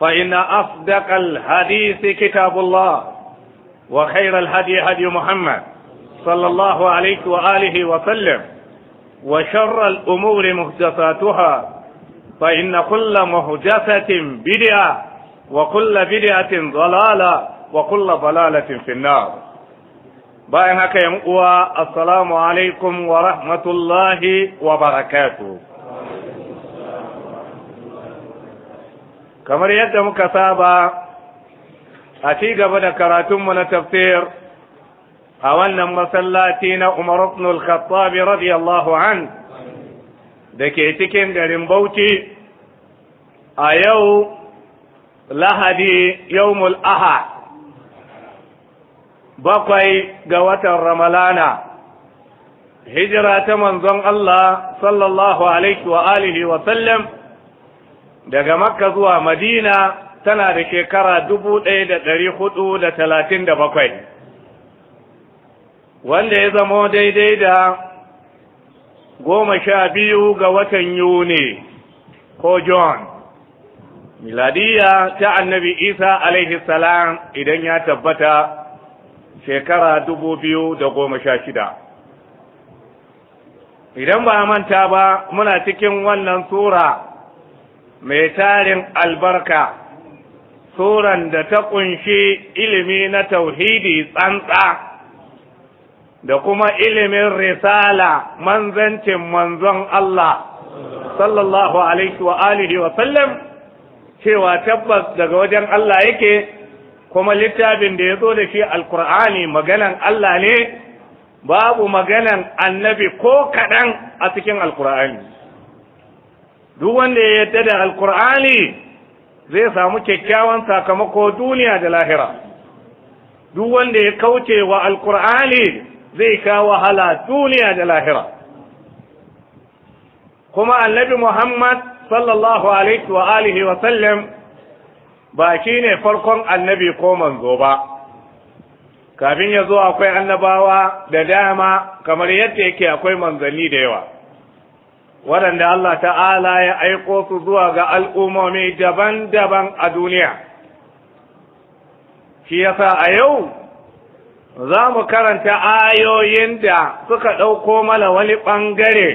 فإن أصدق الحديث كتاب الله وخير الهدي هدي محمد صلى الله عليه وآله وسلم وشر الأمور محدثاتها فإن كل محدثة بدعة وكل بدعة ضلالة وكل ضلالة في النار بأنك هكا يا السلام عليكم ورحمة الله وبركاته kamar yadda muka saba a ci gaba da karatunmu na tafsir a wannan masallaci na Umar ibn khattab radiyallahu an da ke cikin garin Bauchi a yau Lahadi yawmul mul'aha bakwai ga watan Ramalana hijira ta manzon Allah sallallahu alaihi wa alihi wa sallam daga makka zuwa madina tana da shekara dubu ɗaya da ɗari hudu da talatin da bakwai wanda ya zamo daidai da goma sha biyu ga watan yuni ko john miladiya ta annabi isa alaihi salam idan ya tabbata shekara dubu biyu da goma sha shida idan ba manta ba muna cikin wannan sura mai tarin albarka suran da ta kunshi ilimi na tauhidi tsantsa da kuma ilimin risala manzancin manzon Allah sallallahu alaihi wa alihi wa sallam cewa tabbas daga wajen Allah yake kuma littafin da ya zo da shi alkur'ani maganan Allah ne babu maganan annabi ko kaɗan a cikin alkur'ani duk wanda ya yadda da alkur'ani zai samu kyakkyawan sakamako duniya da lahira duk wanda ya kauce wa alkur'ani zai kawo wahala duniya da lahira kuma annabi muhammad sallallahu alaihi wa alihi wa sallam ba shi ne farkon annabi ko manzo ba kafin ya zo akwai annabawa da dama kamar yadda yake akwai manzanni da yawa waɗanda Allah ta'ala ya aiko su zuwa ga al'ummomi daban-daban a duniya. Shi yasa a yau za mu karanta ayoyin da suka ɗauko mala wani ɓangare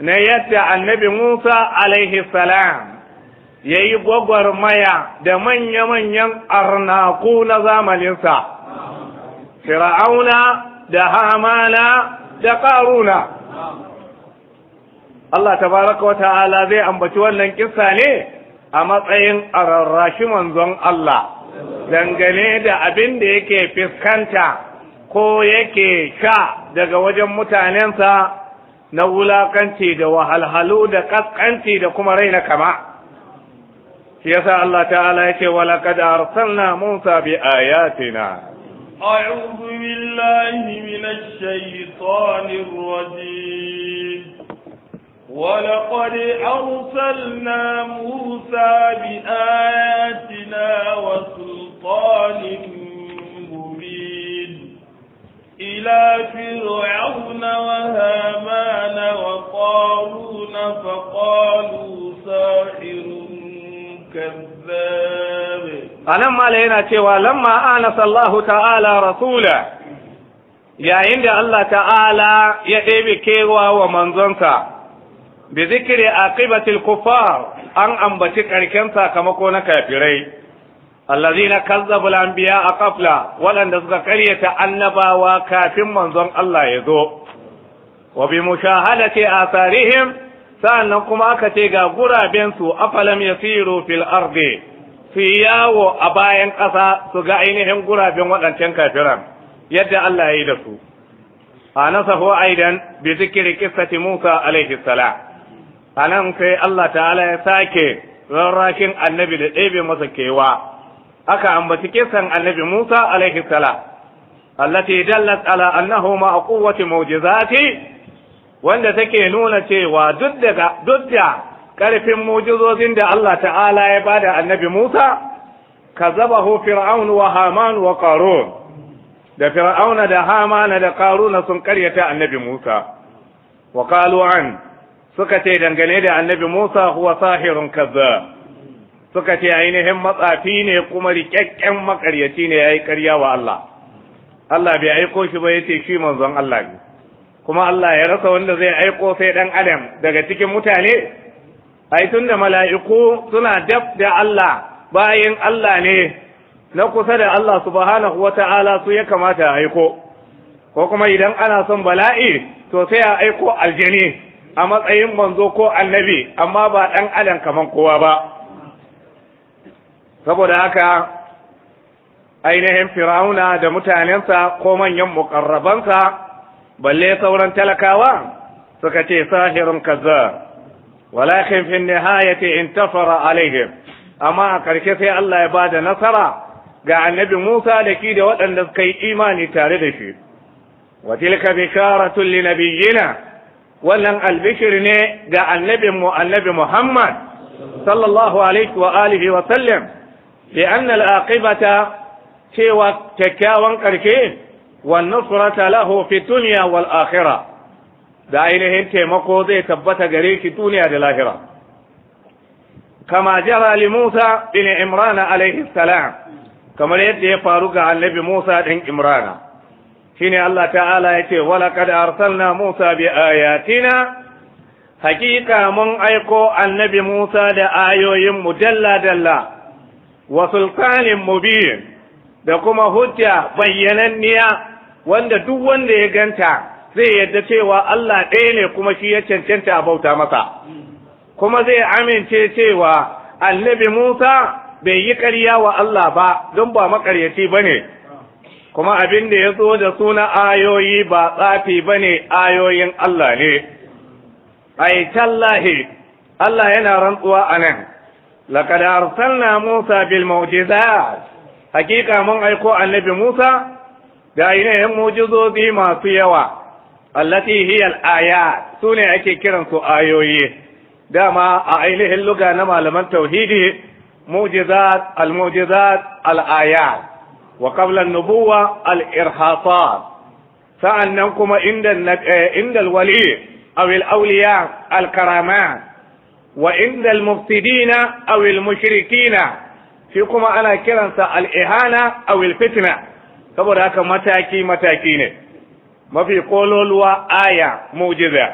na yadda annabi Musa alaihi salam ya yi gwagwarmaya da manya-manyan arnaku na zamaninsa, Fir'auna da Hamana da Ƙaruna. Allah tabaraka wa ta'ala zai ambaci wannan kissa ne a matsayin ararrashi manzon Allah dangane da abin da yake fiskanta ko yake sha daga wajen mutanensa na wulakanci da wahalhalu da kaskanci da kuma raina kama shi yasa Allah ta'ala yake walaqad arsalna Musa bi ayatina أعوذ بالله من الشيطان الرجيم ولقد أرسلنا موسى بآياتنا وسلطان مبين إلى فرعون وهامان وقارون فقالوا ساحر كذاب ألما لينا تيوى لما آنس الله تعالى رسوله yayin da Allah ta'ala ya ɗebe kewa wa manzonsa bi zikri aqibatil kufar an ambaci karken sakamako na kafirai allazina kazzabu al-anbiya qafla waɗanda suka karyata annabawa kafin manzon Allah ya zo wa bi mushahadati atharihim sa'annan kuma aka ce ga guraben su afalam yasiru fil ardi su yawo a bayan ƙasa su ga ainihin guraben waɗancan kafiran yadda Allah ya yi da su a nasahu aidan bi zikri qissati Musa alaihi salam anan nan sai Allah ta'ala ya sake rarrakin annabi da ɗebe masa kewa aka ambaci kisan annabi Musa alaihi sala allati dallat ala annahu ma quwwati mu'jizati wanda take nuna cewa duk da duk da karfin mu'jizozin da Allah ta'ala ya bada annabi Musa kazabahu fir'aun wa haman wa qarun da fir'auna da hamana da qaruna sun karyata annabi Musa wa qalu an suka ce dangane da annabi Musa huwa sahirun kaza suka ce ainihin matsafi ne kuma rikakken makaryaci ne yayi ƙarya wa Allah Allah bai aiko shi ba yace shi manzon Allah ne kuma Allah ya rasa wanda zai aiko sai dan adam daga cikin mutane ai tunda mala'iku suna daf da Allah bayin Allah ne na kusa da Allah subhanahu wata'ala su ya kamata aiko ko kuma idan ana son bala'i to sai a aiko aljani a matsayin manzo ko annabi amma ba ɗan adam kaman kowa ba saboda haka ainihin firauna da mutanensa ko manyan muƙarrabansa balle sauran talakawa suka ce sahirun kaza walakin fin nihayati tafara alaihim amma a ƙarshe sai Allah ya bada nasara ga annabi Musa da ki da waɗanda suka yi imani tare da shi wa tilka bisharatun li nabiyina wannan albishir ne ga annabin mu annabi Muhammad sallallahu alaihi wa alihi wa sallam bi anna al-aqibata cewa kyakkyawan karshe wan nusrata lahu fi dunya wal akhirah da ainihin taimako zai tabbata gare shi duniya da lahira kama jara li Musa bin Imran alaihi salam kamar yadda ya faru ga annabi Musa din Imrana shine Allah ta'ala Ya ce, wala qad arsalna Musa bi ayatina hakika mun aiko annabi Musa da ayoyin mu dalla dalla wa sultanin mubin da kuma hujja bayyananniya wanda duk wanda ya ganta zai yadda cewa Allah ɗaya ne kuma shi ya cancanta a bauta masa kuma zai amince cewa annabi Musa bai yi ƙarya wa Allah ba don ba maƙaryaci ne. kuma abin da ya zo da suna ayoyi ba tsafi ba ne ayoyin Allah ne, ai, tallahi, Allah yana rantsuwa a nan, laƙada arsalna Musa bil mu'jizat hakika mun aiko annabi Musa da ainihin mujizozi masu yawa, allati hiyal aya su ne ake kiransu ayoyi, dama a ainihin luga na malaman tauhidi, mujizat, al-mujizat, al-ayat. wa qabla an-nubuwa al sa'annan kuma inda eh, inda al-wali aw al-awliya al wa inda al-mufsidina aw al shi kuma ana kiransa al-ihana aw al-fitna saboda haka mataki mataki ne mafi kololuwa aya mu'jiza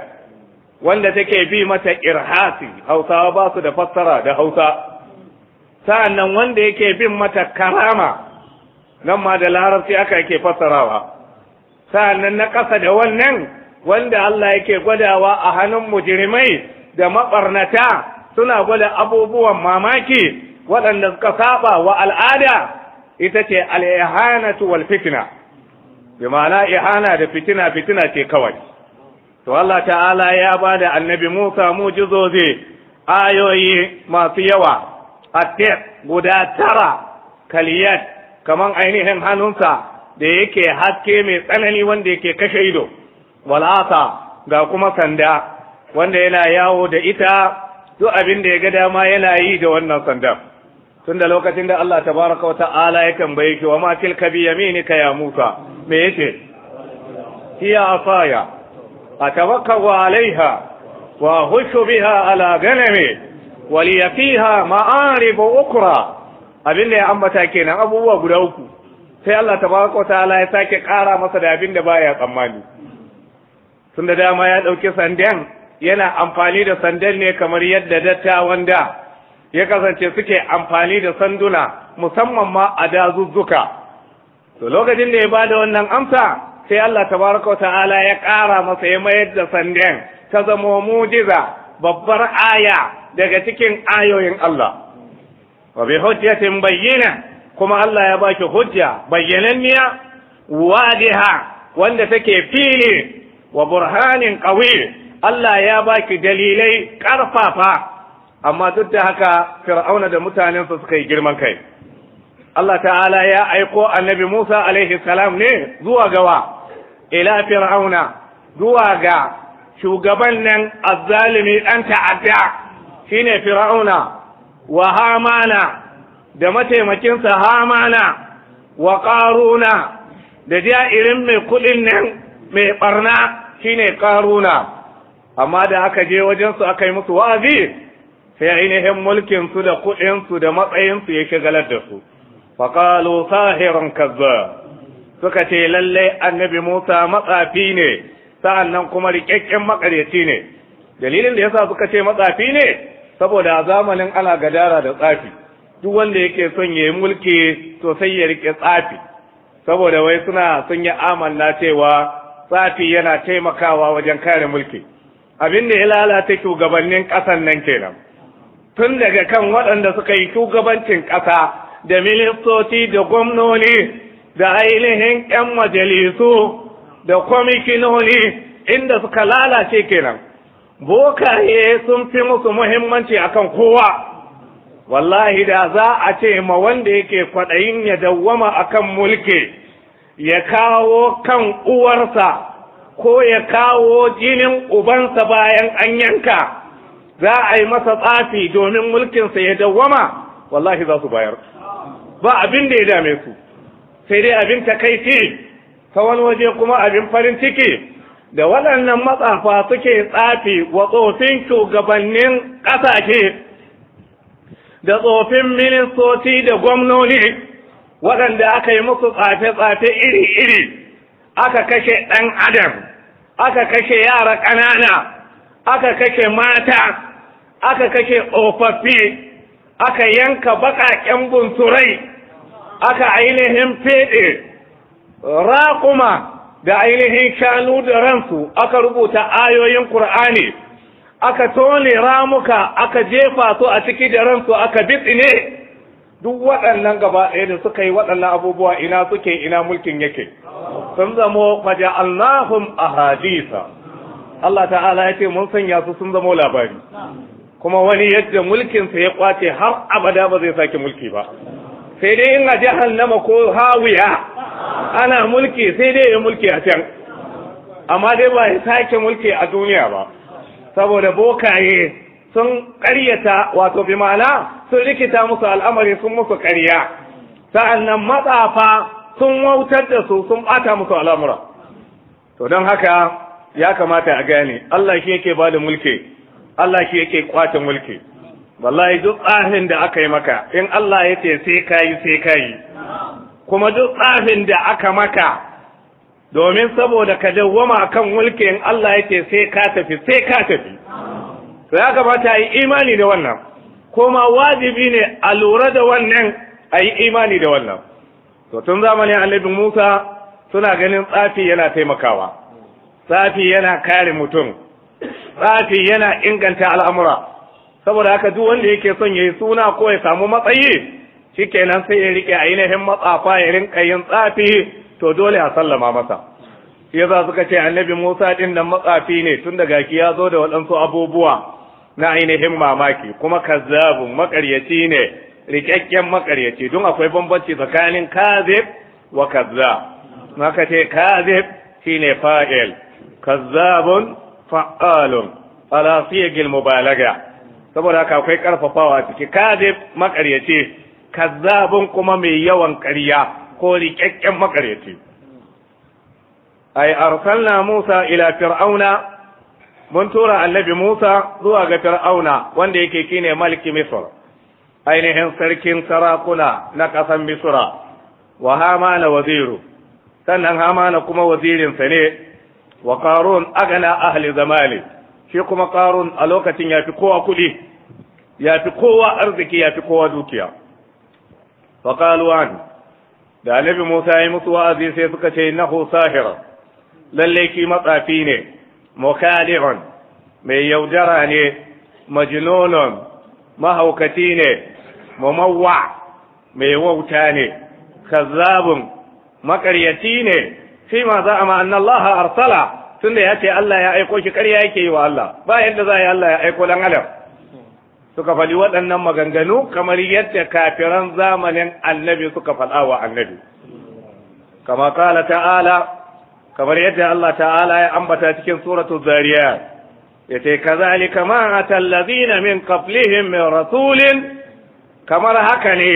wanda take bi mata irhasi hausawa ba su da fassara da hausa sa'annan wanda yake bin mata karama nan ma da larabci aka yake fassarawa sa'annan na ƙasa da wannan wanda Allah yake gwadawa a hannun mujrimai da mabarnata suna gwada abubuwan mamaki waɗanda suka saba wa al'ada ita ce al'ihanatu wal fitina bi ma'ana ihana da fitina fitina ce kawai to Allah ta'ala ya ba da annabi Musa mujizozi ayoyi masu yawa a guda tara kaliyat kaman ainihin hannunsa da yake haske mai tsanani wanda yake kashe ido wal'asa ga kuma sanda wanda yana yawo da ita duk abin da ya ga dama yana yi da wannan sanda tunda lokacin da Allah tabaraka wa ta'ala ya tambaye ki wa ma tilka bi yaminika ya Musa me yake hiya asaya atawakkau alaiha wa hushu biha ala ganami wa li fiha ma'arib ukra abin da ya ambata kenan abubuwa guda uku sai Allah tabaraka ta'ala ya sake ƙara masa da abin da baya tsammani tun da dama ya ɗauki sandan yana amfani da sandan ne kamar yadda dattawan da ya kasance suke amfani da sanduna musamman ma a dazuzzuka to lokacin da ya bada wannan amsa sai Allah tabaraka ta'ala ya ƙara masa ya mayar da sandan ta zama mujiza babbar aya daga cikin ayoyin Allah wa bi hujjatin bayyina kuma Allah ya baki hujja bayyananniya wadiha wanda take fili wa burhanin qawi Allah ya baki dalilai karfafa amma duk da haka fir'auna da mutanensa suka yi girman kai Allah ta'ala ya aiko annabi Musa alaihi salam ne zuwa gawa ila fir'auna zuwa ga shugaban nan azzalimi dan ta'adda shine fir'auna wa hamana da mataimakinsa hamana wa ƙaruna da ja'irin mai kuɗin nan mai ɓarna shine ƙaruna amma da aka je wajensu aka yi musu wa'azi sai ainihin su, da kuɗinsu da matsayinsu ya galar da su faƙalo sahirin kaza. suka ce lallai annabi Musa matsafi ne sa'annan kuma rikakken makaryaci ne dalilin da yasa suka ce matsafi ne saboda a zamanin ana gadara da tsafi duk wanda yake son ya yi mulki to sai ya rike tsafi saboda wai suna sun yi amanna cewa tsafi yana taimakawa wajen kare mulki abin da ya lalata shugabannin ƙasan nan kenan tun daga kan waɗanda suka yi shugabancin ƙasa da ministoci da gwamnoni da ainihin 'yan majalisu da kwamishinoni inda suka lalace kenan bokaye sun fi musu muhimmanci akan kowa wallahi da za a ce ma wanda yake kwaɗayin ya dawwama akan mulki ya kawo kan uwarsa ko ya kawo jinin ubansa bayan an yanka za a yi masa tsafi domin mulkinsa ya dawwama wallahi za su bayar ba abin da ya dame su sai dai abin takaici ta wani waje kuma abin farin ciki da waɗannan matsafa suke tsafi wa tsofin shugabannin ƙasashe da tsofin ministoci da gwamnoni waɗanda aka yi musu tsafe-tsafe iri-iri aka kashe ɗan adam aka kashe yara ƙanana aka kashe mata aka kashe tsofaffi aka yanka baƙaƙen bunturai aka ainihin feɗe raƙuma da ainihin shanu da ransu aka rubuta ayoyin ƙur'ani aka tone ramuka aka jefa su a ciki da ransu aka bitsine duk waɗannan gaba ɗaya da suka yi waɗannan abubuwa ina suke ina mulkin yake sun zamo allahum ahadisa Allah ta'ala ya ce mun sanya su sun zamo labari kuma wani yadda mulkinsa ya kwace har abada ba zai sake mulki ba sai dai ina a jahannama ko hawiya ana mulki sai dai ya mulki a can amma dai ba ya sake mulki a duniya ba saboda bokaye sun ƙaryata wato bi ma'ana sun rikita musu al'amari sun musu ƙarya nan matsafa sun wautar da su sun ɓata musu al'amura to don haka ya kamata a gane Allah shi yake ba da mulki Allah shi yake kwace mulki wallahi duk tsafin da aka yi maka in Allah ya ce sai yi sai yi. kuma duk tsafin da aka maka domin saboda ka dawwama kan in Allah ya ce sai ka tafi sai ka tafi sai ya kamata yi imani da wannan kuma wajibi ne a lura da wannan a yi imani da wannan to tun zamanin annabi Musa suna ganin tsafi yana taimakawa tsafi yana kare mutum tsafi yana inganta al'amura saboda haka duk wanda yake son ya yi suna ko ya samu matsayi shikenan sai ya riƙe ainihin matsafa ya rinka yin tsafi to dole a sallama masa Ya yasa suka ce annabi Musa din nan matsafi ne tun daga ki ya zo da waɗansu abubuwa na ainihin mamaki kuma kazzabun makaryaci ne riƙaƙƙen makaryaci don akwai bambanci tsakanin kazib wa kazza maka ce kazib shine fa'il kazzabun fa'alun ala siyagil mubalaga saboda haka akwai karfafawa ciki kadib makaryace kazzabun kuma mai yawan ƙarya ko riƙaƙƙen makaryace ai arsalna Musa ila fir'auna mun tura annabi Musa zuwa ga fir'auna wanda yake kine malki Misr ainihin sarkin sarakuna na ƙasar Misra wa Hamana waziru sannan Hamana kuma wazirinsa ne wa Qarun agana ahli zamalik shi kuma karun a lokacin yafi kowa kuɗi yafi kowa arziki yafi kowa dukiya fa qalu da annabi Musa ya yi musu wa'azi sai suka ce innahu sahira lalle ki matsafi ne mukali'un mai yaudara ne majnunun mahaukaci ne mamawwa mai wauta ne kazzabun makaryaci ne fi ma za a ma'anar Allah arsala tunda ya ce Allah ya aiko shi ƙarya yake yi wa Allah ba yadda za a yi Allah ya aiko dan adam suka faɗi waɗannan maganganu kamar yadda kafiran zamanin annabi suka faɗa wa annabi kama kala ta'ala kamar yadda Allah ta'ala ya ambata cikin suratu ce, yace kazalika ma atal ladina min qablihim min rasulin kamar haka ne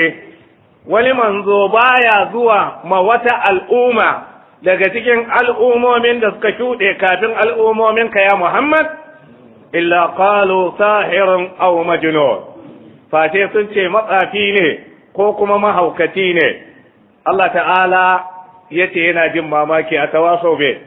wani manzo baya zuwa ma wata al'umma daga cikin al'umomin da suka shuɗe kafin al'umomin ka ya Muhammad illa qalu sahirun aw majnun Fashe sun ce matsafi ne ko kuma mahaukaci ne Allah ta'ala yace yana jin mamaki a tawasobe be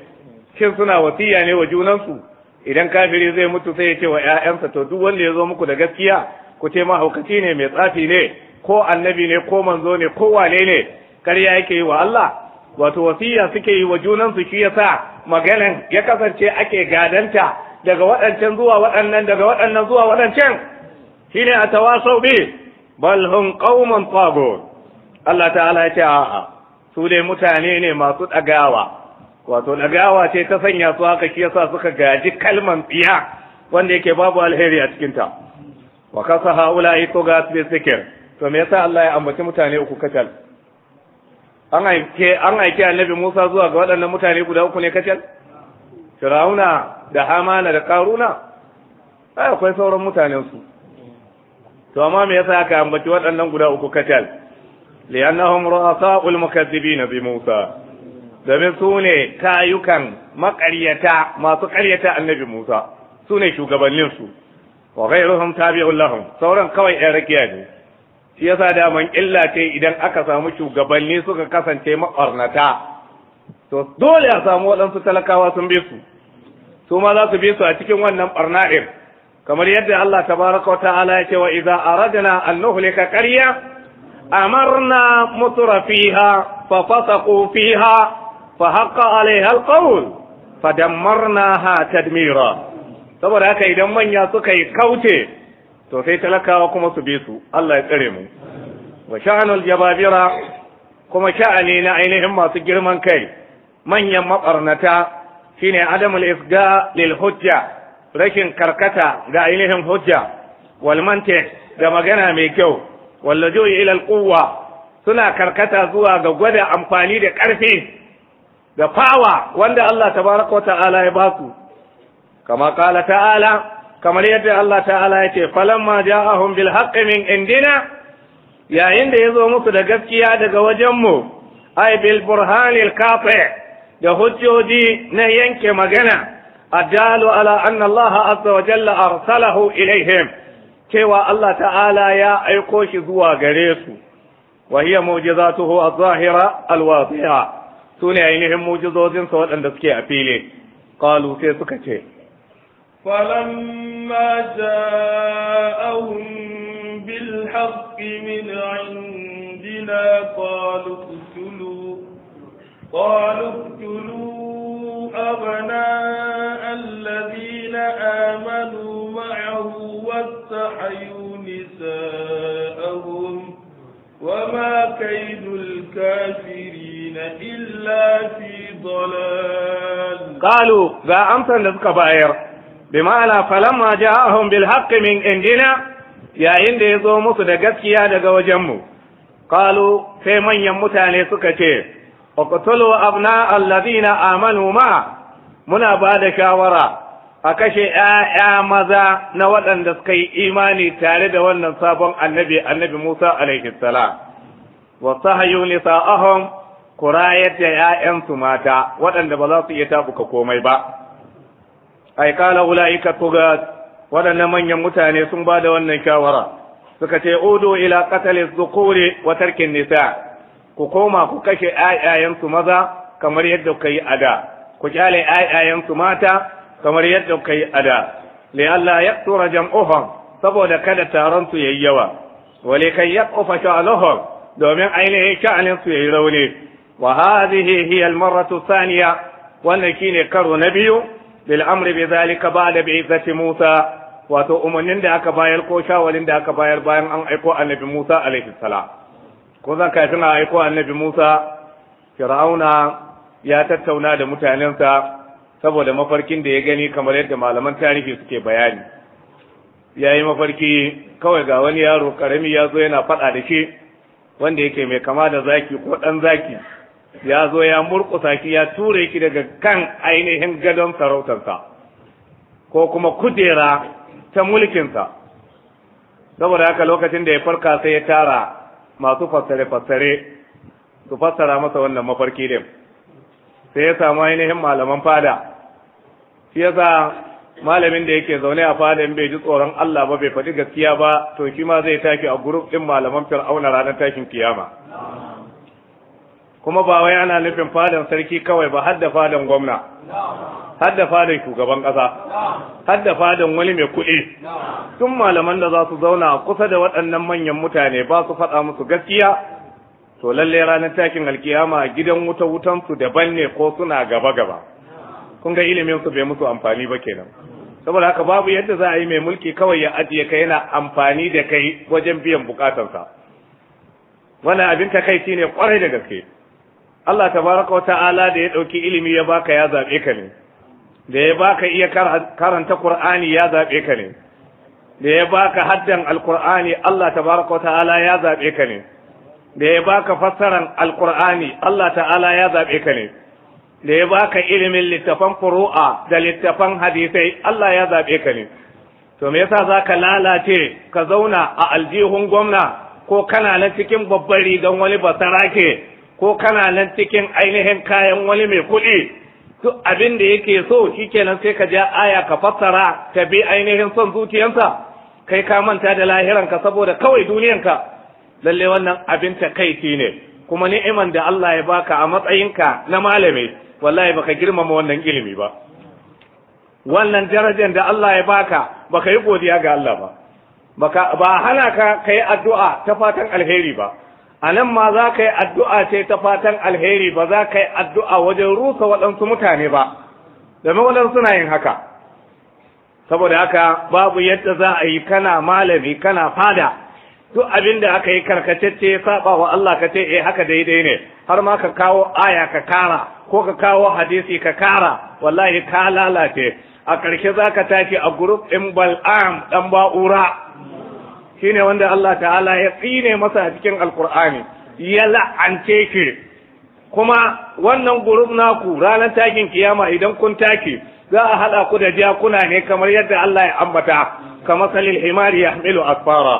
shin suna wasiya ne wa junansu idan kafiri zai mutu sai ya ce wa ƴaƴansa to duk wanda ya zo muku da gaskiya ku ce mahaukaci ne mai tsafi ne ko annabi ne ko manzo ne ko wane ne ƙarya yake yi wa Allah wato wasiya suke yi wa junansu shi sa maganan ya kasance ake gadanta daga waɗancan zuwa waɗannan daga waɗannan zuwa waɗancan ne a tawasau bi bal hum qauman Allah ta'ala ya ce a'a su dai mutane ne masu ɗagawa wato ɗagawa ce ta sanya su haka shi yasa suka gaji kalman tsiya wanda yake babu alheri a cikinta wa kasa haula ito ga zikir to me yasa Allah ya ambaci mutane uku kacal an aike an aike annabi Musa zuwa ga waɗannan mutane guda uku ne kacal Firauna da Hamana da Karuna ai akwai sauran mutanen su to amma me yasa aka ambaci waɗannan guda uku kacal li'annahum ru'asa'ul mukaththibin bi Musa domin su ne kayukan maƙaryata masu ƙaryata annabi Musa su ne shugabanninsu wa ghairuhum tabi'ul lahum sauran kawai 'yar rakiya ne shi yasa daman illa ce idan aka samu shugabanni suka kasance maɓarnata to dole a samu waɗansu talakawa sun bi su su ma za su bi su a cikin wannan ɓarna kamar yadda Allah tabaraka wa ta'ala ya ce wa idza aradna an nuhlika qarya amarna fiha fa fasaqu fiha fa haqa alaiha alqawl fa dammarnaha tadmira saboda haka idan manya suka yi kaute to sai talakawa kuma su bi su Allah ya tsare mu wa sha'anul jababira kuma sha'ani na ainihin masu girman kai manyan mabarnata shine adamul isga lil hujja rashin karkata ga ainihin hujja wal mantiq da magana mai kyau wal lujui ila al quwwa suna karkata zuwa ga gwada amfani da karfi da fawa wanda Allah tabaraka wa ta'ala ya basu kama qala ta'ala kamar yadda Allah ta'ala ya ce falamma ja'ahum bil haqqi min indina yayin da yazo musu da gaskiya daga wajen mu ay bil burhanil kafi da hujjoji na yanke magana adalu ala anna Allah azza wa jalla arsalahu ilaihim cewa Allah ta'ala ya aiko shi zuwa gare su wa hiya mu'jizatuhu a zahira al-wadhiha sune ainihin mu'jizozin sa waɗanda suke a fili qalu sai suka ce فلما جاءهم بالحق من عندنا قالوا اقتلوا قالوا اقتلوا أبناء الذين آمنوا معه واستحيوا نساءهم وما كيد الكافرين إلا في ضلال قالوا ذا أمسا لذك بائر bi ma'ana falamma ja'ahum bil haqqi min indina yayin da ya zo musu da gaskiya daga wajenmu qalu sai manyan mutane suka ce uqtulu abna alladhina amanu ma muna ba da shawara a kashe ‘ya'ya maza na waɗanda suka yi imani tare da wannan sabon annabi annabi Musa alaihissalam wa sahayu nisa'ahum kurayar da ‘ya'yansu mata waɗanda ba za su iya tabuka komai ba ai kana ulaika tugat waɗannan manyan mutane sun ba da wannan shawara suka ce udu ila qatl dhukuri wa tarkin nisa ku koma ku kashe ayayansu maza kamar yadda kai ada ku kyale ayayansu mata kamar yadda kai ada li alla yaqtura jam'uhum saboda kada taron su yayi yawa wa li kai domin ainihin sha'anin su yayi rauni wa hadhihi hiya al-marratu thaniya wannan shine karo na biyu bil amri bi zalika ba'da bi'izati Musa wato umarnin da aka bayar ko shawarin da aka bayar bayan an aiko annabi Musa alaihi salam ko zan kafin a aiko annabi Musa Fir'auna ya tattauna da mutanensa saboda mafarkin da ya gani kamar yadda malaman tarihi suke bayani ya yi mafarki kawai ga wani yaro karami ya zo yana faɗa da shi wanda yake mai kama da zaki ko ɗan zaki ya zo ya murƙusa ki ya ture ki daga kan ainihin gadon sarautarsa ko kuma kujera ta mulkinsa saboda haka lokacin da ya farka sai ya tara masu fassare-fassare su fassara masa wannan mafarki din sai ya samu ainihin malaman fada shi yasa malamin da yake zaune a fadan bai ji tsoron Allah ba bai faɗi gaskiya ba to shi ma zai tafi a gurup din malaman fir'auna ranar tashin kiyama kuma ba wai ana nufin fadan sarki kawai ba hadda fadan gwamna hadda fadan shugaban ƙasa hadda fadan wani mai kuɗi tun malaman da za su zauna kusa da waɗannan manyan mutane ba su faɗa musu gaskiya to lalle ranar takin alkiyama gidan wuta wutan su daban ne ko suna gaba gaba kun ga ilimin su bai musu amfani ba kenan saboda haka babu yadda za a yi mai mulki kawai ya ajiye kai yana amfani da kai wajen biyan bukatarsa wannan abin takaici ne kwarai da gaske Allah tabaraka wa ta'ala da ya dauki ilimi ya baka ya zabe ka ne da ya baka iya karanta Qur'ani ya zabe ka ne da ya baka haddan al Al-Qur'ani Allah tabaraka wa ta'ala ya zabe ka ne da ya baka fassaran Al-Qur'ani Allah ta'ala ya zabe ka ne da ya baka ilimin littafan furu'a da littafan hadisai Allah ya zabe ka ne to me yasa zaka lalace ka zauna a aljihun gwamna ko kana na cikin babbar rigan wani basarake ko kana nan cikin ainihin kayan wani mai kuɗi duk abin da yake so shikenan sai ka ja aya ka fassara ka bi ainihin son zuciyarsa kai ka manta da lahiranka saboda kawai duniyanka lalle wannan abin takaici ne kuma ni'iman da Allah ya baka a matsayinka na malami wallahi baka girmama wannan ilimi ba wannan darajar da Allah ya baka baka yi godiya ga Allah ba baka ba hana ka kai addu'a ta fatan alheri ba a nan ma za ka yi addu'a ce ta fatan alheri ba za ka yi addu'a wajen rusa waɗansu mutane ba domin waɗansu suna yin haka saboda haka babu yadda za a yi kana malami kana fada duk abin da aka yi ya saba wa Allah ka ce eh haka daidai ne har ma ka kawo aya ka kara ko ka kawo hadisi ka kara wallahi ka lalace a ƙarshe za ka tafi a guruf ɗin bal'am ɗan ba'ura shine wanda Allah ta'ala ya tsine masa a cikin alkur'ani ya la'ance shi kuma wannan gurub naku ranar takin kiyama idan kun take za a haɗa ku da jakuna ne kamar yadda Allah ya ambata kamar salil himari ya hamilu asfara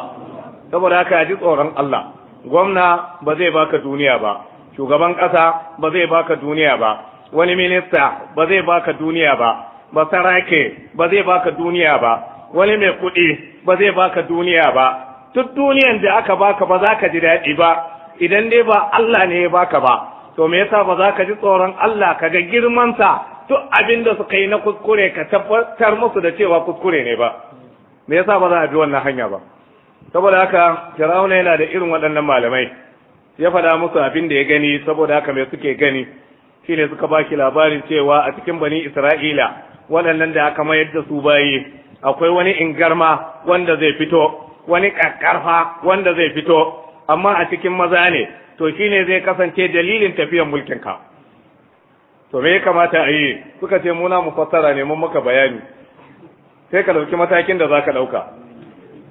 saboda haka ji tsoron Allah gwamna ba zai baka duniya ba shugaban ƙasa ba zai baka duniya ba wani minista ba zai baka duniya ba ba sarake ba zai baka duniya ba wani mai kuɗi ba zai baka duniya ba duk duniyan da aka baka ba za ka ji daɗi ba idan dai ba Allah ne ya baka ba to me yasa ba za ka ji tsoron Allah ka ga girmansa duk abin da suka yi na kuskure ka tabbatar musu da cewa kuskure ne ba me yasa ba za a bi wannan hanya ba saboda haka Fir'auna yana da irin waɗannan malamai ya faɗa musu abin da ya gani saboda haka me suke gani shine suka baki labarin cewa a cikin bani Isra'ila waɗannan da aka mayar da su bayi akwai wani ingarma wanda zai fito wani kakkarfa wanda zai fito amma a cikin maza ne to shine zai kasance dalilin tafiyan mulkin ka to me ya kamata a yi suka ce muna mu fassara ne mun maka bayani sai ka ɗauki matakin da zaka ɗauka.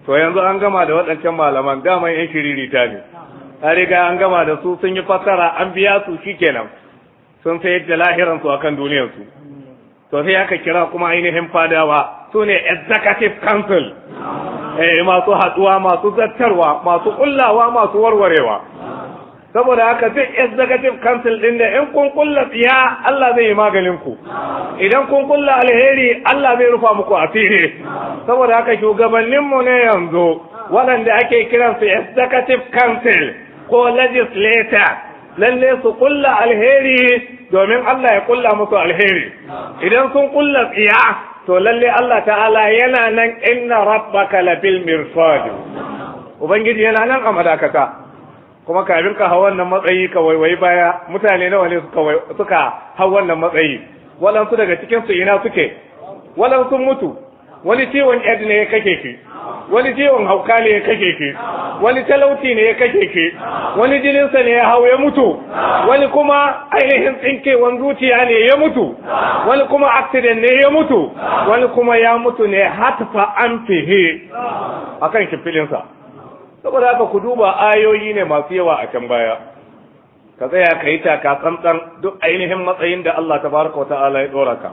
to yanzu an gama da waɗancan malaman daman yan shiririta ne an riga an gama da su sun yi fassara an biya su shi kenan. sun sayar da lahiransu akan duniyarsu to sai aka kira kuma ainihin fadawa su ne executive council eh masu haduwa masu zattarwa masu kullawa masu warwarewa saboda haka duk executive council din da in kun kulla tsiya Allah zai yi maganin ku idan kun kulla alheri Allah zai rufa muku asiri saboda haka shugabannin mu ne yanzu waɗanda ake kiransu executive council ko legislator lalle su kulla alheri domin Allah ya kulla musu alheri idan sun kulla tsiya to lalle Allah ta'ala yana nan inna rabbaka labil mirsad ubangiji yana nan a madakaka kuma kafin ka hau wannan matsayi ka waiwai baya mutane nawa ne suka suka hau wannan matsayi walansu daga cikin su ina suke walansu mutu wani ciwon ed ne kake fi? wani ciwon hauka ne ya kake ke wani talauci ne ya kake ke wani jininsa ne ya hau ya mutu wani kuma ainihin tsinkewan zuciya ne ya mutu wani kuma accident ne ya mutu wani kuma ya mutu ne hatfa an fihe a kan kifilinsa saboda haka ku duba ayoyi ne masu yawa a can baya ka tsaya ka yi taka tsantsan duk ainihin matsayin da Allah tabaraka wa ta'ala ya dora ka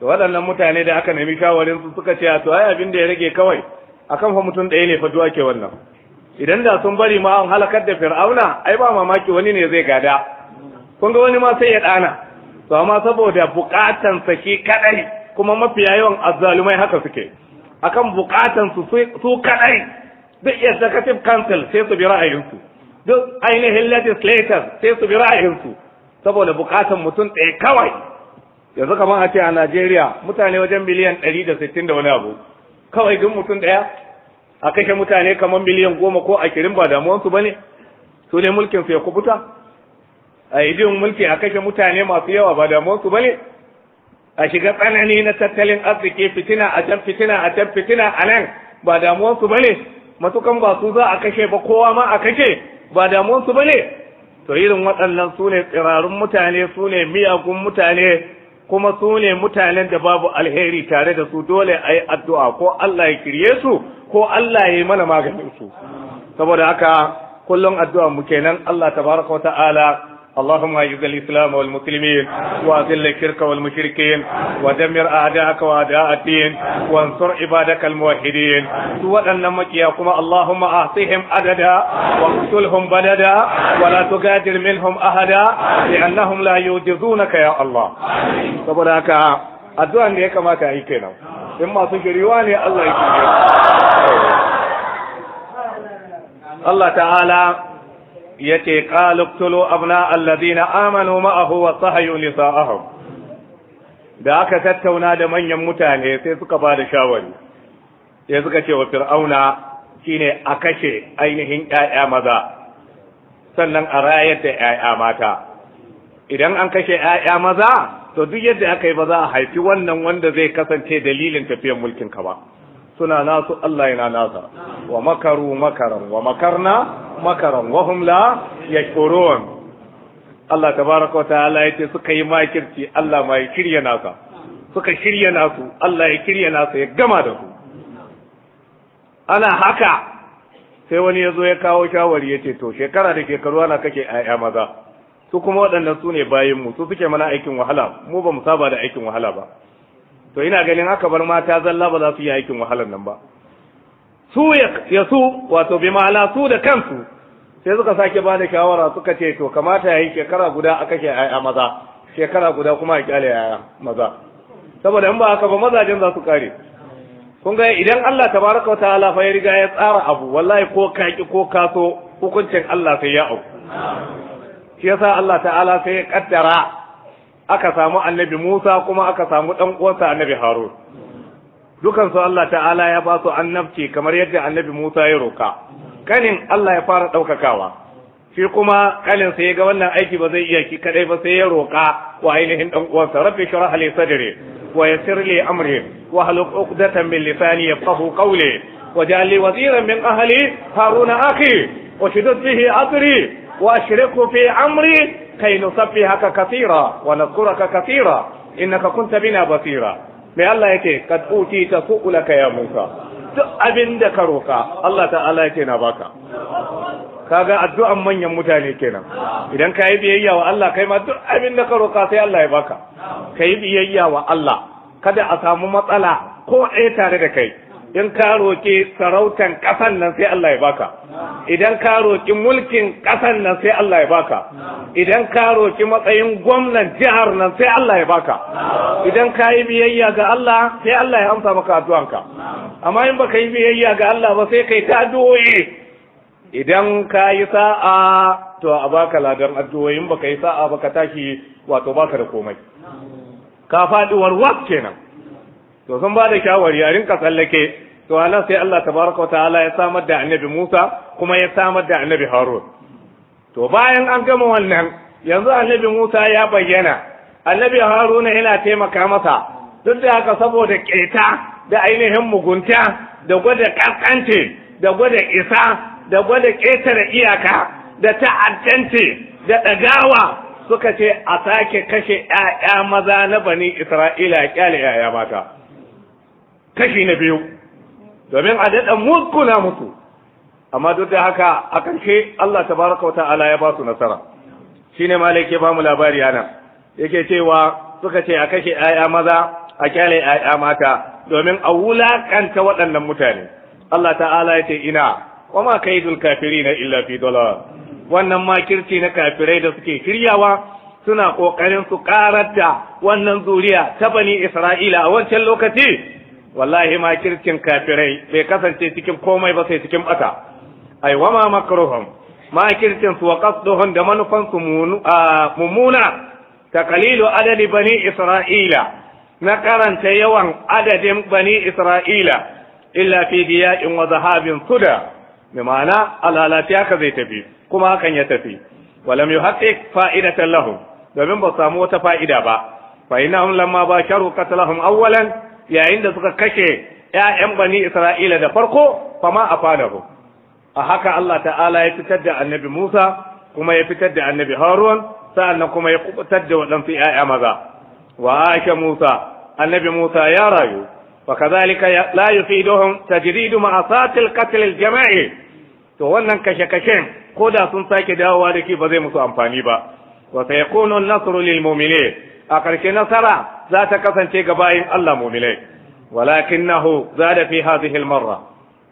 to waɗannan mutane da aka nemi shawarin su suka ce to ai abin da ya rage kawai akan fa mutum ɗaya ne fa duwa ke wannan idan da sun bari ma an halakar da fir'auna ai ba mamaki wani ne zai gada kun ga wani ma sai ya ɗana to amma saboda bukatan saki kadai kuma mafiya yawan azzalumai haka suke akan bukatan su su kadai duk executive council sai su bi ra'ayinsu duk ainihin legislators sai su bi ra'ayinsu saboda bukatan mutum ɗaya kawai yanzu kamar a ce a Najeriya mutane wajen miliyan ɗari da sittin da wani abu kawai duk mutum ɗaya a kashe mutane kamar miliyan goma ko a kirin ba damuwansu ba ne su ne mulkin su ya kubuta a jin mulki a kashe mutane masu yawa ba damuwansu ba ne a shiga tsanani na tattalin arziki fitina a can fitina a can fitina a nan ba damuwansu ba ne matukan ba su za a kashe ba kowa ma a kashe ba damuwansu ba ne to irin waɗannan su ne tsirarun mutane su ne miyagun mutane kuma su ne mutanen da babu alheri tare da su dole a yi addu'a ko Allah ya kirye su ko Allah ya yi mana maganin su saboda haka kullum addu'a mu kenan Allah tabaraka wa ta'ala اللهم أعز الإسلام والمسلمين وأذل الشرك والمشركين ودمر أعداءك وأعداء الدين وانصر عبادك الموحدين وأن مكياكما اللهم أعطهم عددا واقتلهم بددا ولا تقادر منهم أحدا لأنهم لا يوجزونك يا الله سبحانك addu'an da ya kamata yi kenan in masu shiriwa ne Allah ya Allah ta'ala yace qala iqtulu abna alladhina amanu ma'ahu wa sahyu nisa'ahum da aka tattauna da manyan mutane sai suka ba da shawari sai suka ce wa fir'auna shine a kashe ainihin ƴaƴa maza sannan a rayar da ƴaƴa mata idan an kashe ƴaƴa maza to duk yadda aka yi ba za a haifi wannan wanda zai kasance dalilin tafiyar mulkin ka ba suna nasu Allah yana nasa wa makaru makaran wa makarna makaran wa hum la yashkurun Allah tabaraka wa ta'ala yace suka yi makirci Allah ma ya kirya nasa suka shirya nasu Allah ya kirya nasa ya gama da su ana haka sai wani ya zo ya kawo shawari ya ce to shekara da shekaru ana kake ƴaƴa maza su kuma waɗannan su ne bayan mu su suke mana aikin wahala mu ba mu saba da aikin wahala ba to ina ganin aka bar mata zalla ba za su yi aikin wahalar nan ba su ya su wato bi ma'ana su da kansu sai suka sake ba da shawara suka ce to kamata ya yi shekara guda a kashe yaya maza shekara guda kuma a kyale yaya maza saboda in ba haka ba mazajen za su kare kun ga idan Allah tabaraka wa ta'ala fa ya riga ya tsara abu wallahi ko ka ki ko ka so hukuncin Allah sai ya au shi yasa Allah ta'ala sai ya kaddara aka samu annabi Musa kuma aka samu dan uwansa annabi Harun dukan su Allah ta'ala ya ba su annabci kamar yadda annabi Musa ya roka kanin Allah ya fara daukakawa shi kuma kanin sai ya ga wannan aiki ba zai iya ki kadai ba sai ya roka wa ainihin dan uwansa rabbi shrah li sadri wa yassir li amri wa haluk uqdatan min lisani yafqahu qawli waj'al li min ahli haruna akhi وشدد به wa وأشركه fi amri. kai nusabbihaka kathira wa nadhkuraka kathira innaka kunta bina basira mai Allah yake kad utita su'ulaka ya Musa duk abin da ka roka Allah ta'ala yake na baka kaga addu'an manyan mutane kenan idan ka yi biyayya wa Allah kai ma duk abin da ka roka sai Allah ya baka ka yi biyayya wa Allah kada a samu matsala ko ɗaya tare da kai in ka roƙi sarautan ƙasan nan sai Allah ya baka idan ka roƙi mulkin ƙasan nan sai Allah ya baka idan ka roƙi matsayin gwamnan jihar nan sai Allah ya baka idan ka yi biyayya ga Allah sai Allah ya amsa maka addu'anka amma in baka yi biyayya ga Allah ba sai kai ta addu'o'i idan ka yi sa'a to a baka ladan addu'o'in baka yi sa'a baka tashi wato baka da komai ka faɗi warwar kenan to sun ba da shawari a rinka tsallake to ala sai Allah tabaraka wa ta'ala ya samar da annabi Musa kuma ya samar da annabi Harun to bayan an gama wannan yanzu annabi Musa ya bayyana annabi Haruna yana taimaka masa duk da haka saboda ƙeta da ainihin mugunta da gwada kaskance da gwada isa da gwada ƙetare iyaka da ta'addanci, da ɗagawa suka ce a sake kashe ‘ya'ya maza na bani Isra'ila ƙyale ‘ya'ya mata. Kashi na biyu, domin a daɗa na mutu amma duk da haka a ƙarshe Allah Ta tabaraka wata'ala ya ba su nasara Shi ne ke ba mu labari yana yake cewa suka ce a kashe 'ya'ya maza a kyale 'ya'ya mata domin a wulakanta waɗannan mutane Allah ta'ala ya ce ina wama kaidul na illa fi dalal wannan makirci na kafirai da suke shiryawa suna ƙoƙarin su ƙarar da wannan zuriya ta bani Isra'ila a wancan lokaci wallahi makircin kafirai bai kasance cikin komai ba sai cikin bata ai wama makruhum ma kirkin su wa qasduhum da manufan su mumuna Takalilu adadi bani isra'ila na karanta yawan adadin bani isra'ila illa fi diya'in wa zahabin suda bi ma'ana alalati haka zai tafi kuma hakan ya tafi walam yuhaqqiq fa'idatan lahum domin ba samu wata fa'ida ba fa innahum lamma basharu qatlahum awwalan yayin da suka kashe ƴaƴan bani Isra'ila da farko fama afanahu a haka Allah ta'ala ya fitar da annabi Musa kuma ya fitar da annabi Harun sa'annan kuma ya kubutar da waɗansu ƴaƴa maza wa aisha Musa annabi Musa ya rayu wa kadhalika la yufiduhum tajridu ma'asatil qatl al-jama'i to wannan kashe kashen ko da sun sake dawowa da ke ba zai musu amfani ba wa sayakunu an-nasru lil a karshe nasara za ta kasance ga bayin Allah mu'minai za zada fi hadhihi al-marra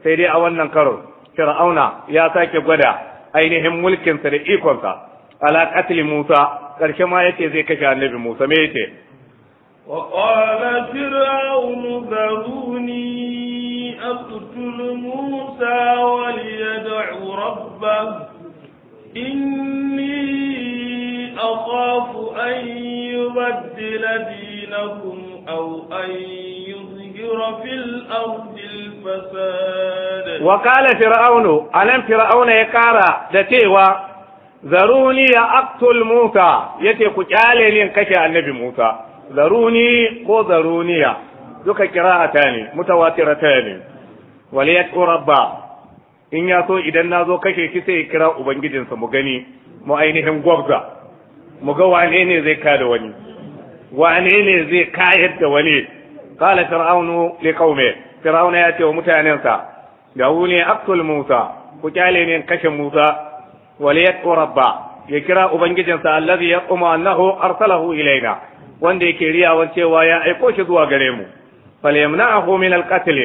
sai dai a wannan karo fir'auna ya sake gwada ainihin mulkinsa da ikonsa ala qatl Musa karshe ma yace zai kashe annabi Musa me yace وقال فرعون ذروني أقتل موسى وليدع ربه إني أخاف أن يبدل دينكم أو أن يظهر في الأرض الفساد وقال فرعون ألم فرعون يكارا دتيوا ذروني أقتل موسى يتي كتالي لنكشى النبي موسى ذروني قو ذروني دوك قراءتان تاني متواترة تاني in ya إن يأتو إذا نازو كشي كسي كراء ya kira مؤينهم قبضة mu ga wane ne zai kada wani wane ne zai kayar da wani qala fir'aunu qaumi fir'auna ya ce wa mutanensa dawuni aqtul musa ku kyale ne kashe musa waliyatu rabba ya kira ubangijinsa allazi yaqumu annahu arsalahu ilaina wanda yake riyawan cewa ya aiko shi zuwa gare mu falyamna'ahu min alqatl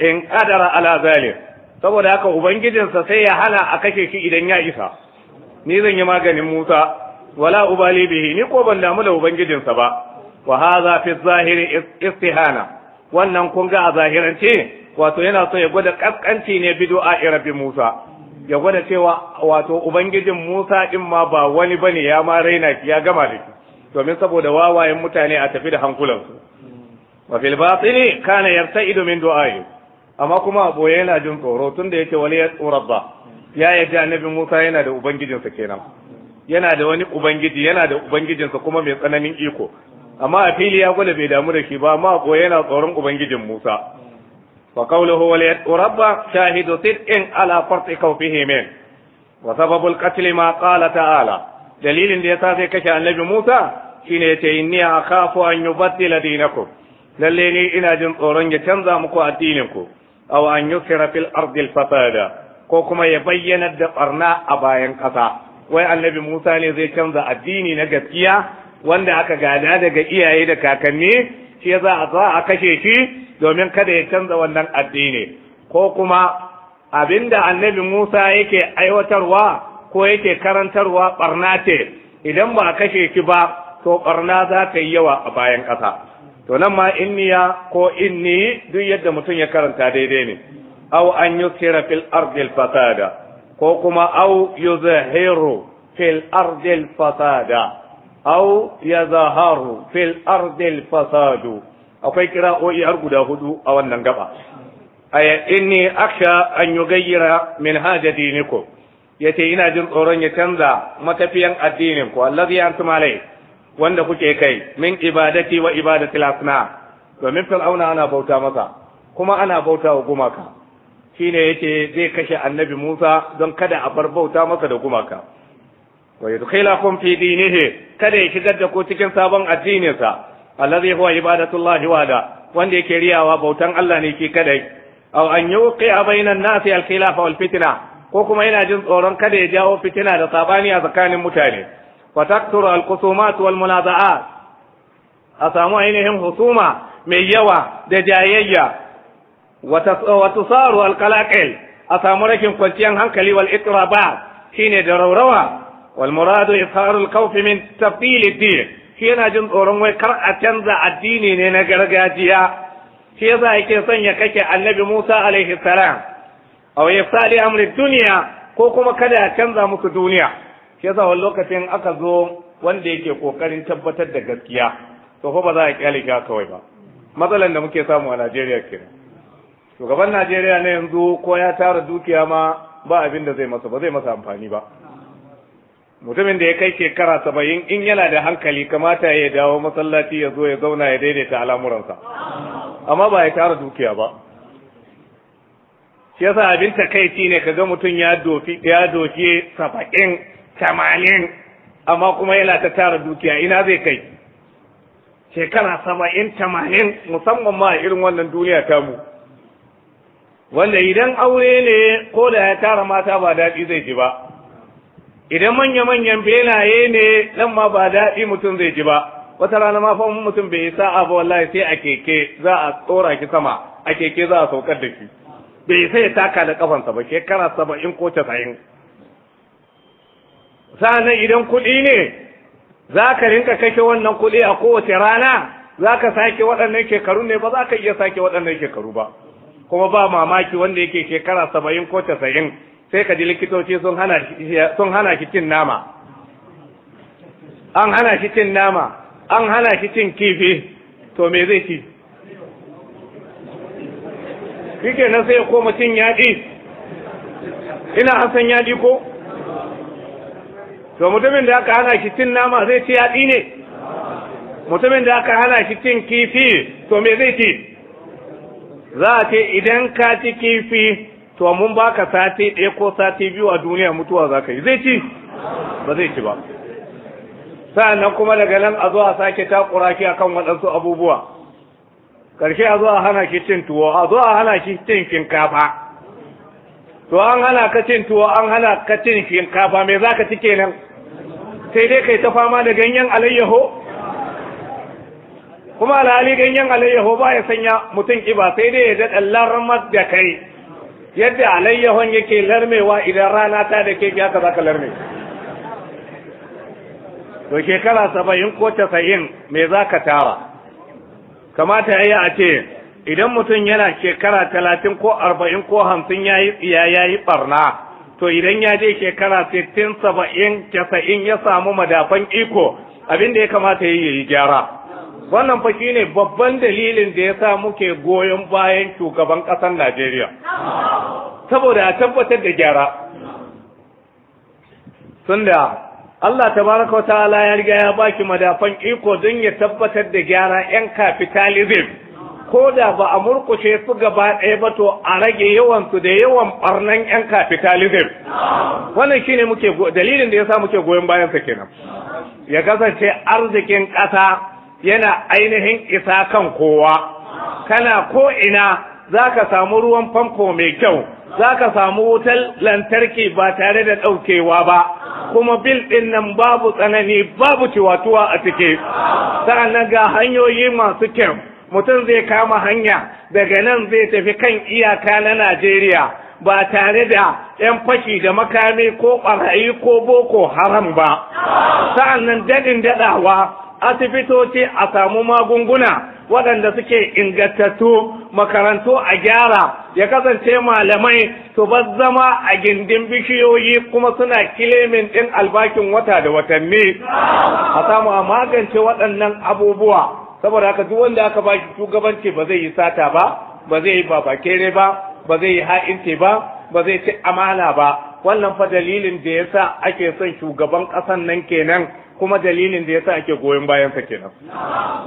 in qadara ala zalik saboda haka ubangijinsa sai ya hana a kashe shi idan ya isa ni zan yi maganin musa wala ubali bihi ni ko ban damu da ubangijinsa ba wa hadha fi zahiri istihana wannan kun ga a zahirance wato yana so ya gwada kaskanci ne bi du'a rabbi Musa ya gwada cewa wato ubangijin Musa din ma ba wani bane ya ma raina ki ya gama da ki domin saboda wawayen mutane a tafi da hankulansu wa fil batini kana yarta'idu min du'a'i amma kuma a boye yana jin tsoro tunda yake wali ya tsorabba ya yadda annabi Musa yana da ubangijinsa kenan yana da wani ubangiji yana da ubangijinsa kuma mai tsananin iko amma a fili ya gwada bai damu da shi ba amma ko yana tsoron ubangijin Musa fa qawluhu wa rabba shahidu sidqin ala farti kawfihi min wa sababul qatl ma qala ta'ala dalilin da yasa sai kashe annabi Musa shine yace inni akhafu an yubaddila dinakum lalle ni ina jin tsoron ya canza muku addinin ku aw an yusira fil ardil fasada ko kuma ya bayyana da barna a bayan kasa wai annabi Musa ne zai canza addini na gaskiya wanda aka gada daga iyaye da kakanni shi ya za a za a kashe shi domin kada ya canza wannan addini ko kuma abinda annabi Musa yake aiwatarwa ko yake karantarwa barna ce idan ba a kashe shi ba to barna za ta yi yawa a bayan ƙasa to nan ma inniya ko inni duk yadda mutum ya karanta daidai ne aw an yusira fil ardil fasada ko kuma au yuzahiru fil ardil fasada au yazaharu fil ardil fasadu akwai kira'o'i har guda hudu a wannan gaba aya inni aksha an yugayyira min haja diniku yace ina jin tsoron ya canza matafiyan addinin ku allazi antum alai wanda kuke kai min ibadati wa ibadati lasna domin fir'auna ana bauta masa kuma ana bauta wa gumaka shine yace zai kashe annabi Musa don kada a bar bauta masa da gumaka wa yadkhilakum fi dinihi kada ya shigar da ku cikin sabon addininsa alladhi huwa ibadatullahi wahda wanda yake riyawa bautan Allah ne ke kadai aw an yuqi'a bainan nasi al-khilafa wal fitna ko kuma yana jin tsoron kada ya jawo fitina da sabani a tsakanin mutane fa takturu al wal munaza'at a samu ainihin husuma mai yawa da jayayya Eh, wata saru a samu rashin kwanciyar hankali wal itraba shine da raurawa wal muradu isharu alkawfi min tafdili din shi yana jin tsoron wai kar a canza addini ne na gargajiya shi yasa yake son ya kake annabi Musa alaihi salam aw yafsali amri dunya ko kuma kada ya canza musu duniya shi yasa wani lokacin aka zo wanda yake kokarin tabbatar da gaskiya to fa ba za a kyale kawai ba matsalan da muke samu a Najeriya kenan shugaban najeriya na yanzu ko ya tara dukiya ma ba abin da zai masa ba zai masa amfani ba mutumin da ya kai shekara saba'in in yana da hankali kamata ya dawo masallaci ya zo ya zauna ya daidaita al'amuransa amma ba ya tara dukiya ba shi yasa abin takaici ne kaga mutum ya dofi ya doke saba'in tamanin amma kuma yana ta tara dukiya ina zai kai shekara saba'in tamanin musamman ma irin wannan duniya tamu mu wanda idan aure ne ko da ya tara mata ba daɗi zai ji ba idan manya-manyan benaye ne nan ma ba daɗi mutum zai ji ba wata rana ma fa mutum bai sa'a ba wallahi sai a keke za a tsora ki sama a keke za a saukar da shi bai sai taka da kafansa ba shekara saba'in ko casa'in sa'annan idan kuɗi ne za ka rinka kashe wannan kuɗi a kowace rana za ka sake waɗannan shekaru ne ba za ka iya sake waɗannan shekaru ba kuma ba mamaki wanda yake shekara saba'in ko tasa'in sai ka ji likitoci sun hana shi cin nama an hana shi cin nama an hana shi cin kifi to me zai ci kike na sai ya koma cin yaɗi ina hasan yaɗi ko to mutumin da aka hana shi cin nama zai ci yaɗi ne mutumin da aka hana shi cin kifi to me zai ci za a ce idan ka ci kifi to mun baka sati ɗaya ko sati biyu a duniya mutuwa za ka yi zai ci ba zai ci ba sa'annan kuma daga nan a zo a sake takura ki akan waɗansu abubuwa karshe a zo a hana ki cin tuwo a zo a hana ki cin shinkafa to an hana ka cin tuwo an hana ka cin shinkafa me za ka ci kenan sai dai kai ta fama da ganyen alayyaho kuma alhali ganyen alayyaho ba ya sanya mutum kiba sai dai ya daɗa larmar da kai yadda alayyahon yake larmewa idan rana ta da ke ka za ka larme to shekara saba'in ko tasa'in me za ka tara kamata ya yi a ce idan mutum yana shekara talatin ko arba'in ko hamsin ya yi barna to idan ya je shekara sittin saba'in casa'in ya samu madafan iko abinda ya kamata ya yi gyara wannan fa shine babban dalilin da ya sa muke goyon bayan shugaban ƙasar Najeriya saboda a tabbatar da gyara tunda Allah tabaraka wa ta'ala ya riga ya baki madafan iko don ya tabbatar da gyara yan capitalism ko da ba a murkushe su gaba ɗaya ba to a rage yawan su da yawan ɓarnan yan capitalism wannan shine muke dalilin da ya sa muke goyon bayan sa kenan ya kasance arzikin ƙasa yana ainihin isa kan kowa kana ko ina zaka samu ruwan famfo mai kyau za ka samu wutar lantarki ba tare da ɗaukewa ba kuma bil ɗin nan babu tsanani babu ciwatuwa a ciki sa'annan ga hanyoyi masu kyau mutum zai kama hanya daga nan zai tafi kan iyaka na najeriya ba tare da 'yan fashi da makami ko ɓarayi ko boko haram ba sa'annan daɗin daɗawa asibitoci a samu magunguna waɗanda suke ingantattu makarantu a gyara ya kasance malamai su ba zama a gindin bishiyoyi kuma suna kilimin ɗin albakin wata da watanni a samu a magance waɗannan abubuwa saboda haka duk wanda aka ba shi shugabanci ba zai yi sata ba ba zai yi babakere ba ba zai yi ha'inci ba ba zai ci amana ba wannan fa dalilin da yasa ake son shugaban ƙasan nan kenan kuma dalilin da yasa ake goyon bayan sa kenan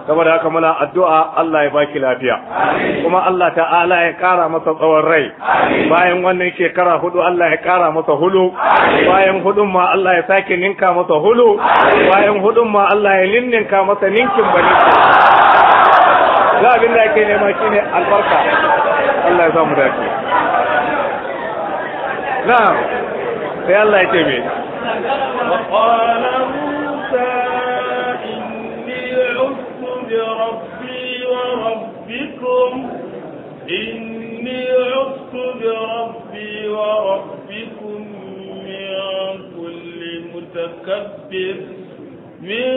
saboda haka muna addu'a Allah ya baki lafiya kuma Allah ta'ala ya kara masa tsawon rai bayan wannan shekara hudu Allah ya kara masa hulu bayan hudun ma Allah ya sake ninka masa hulu bayan hudun ma Allah ya linninka masa ninkin bani za abin da ake nema shine albarka Allah ya samu dace na'am sai Allah ya ce me وقال منهم إني عدت بربي وربكم من كل متكبر من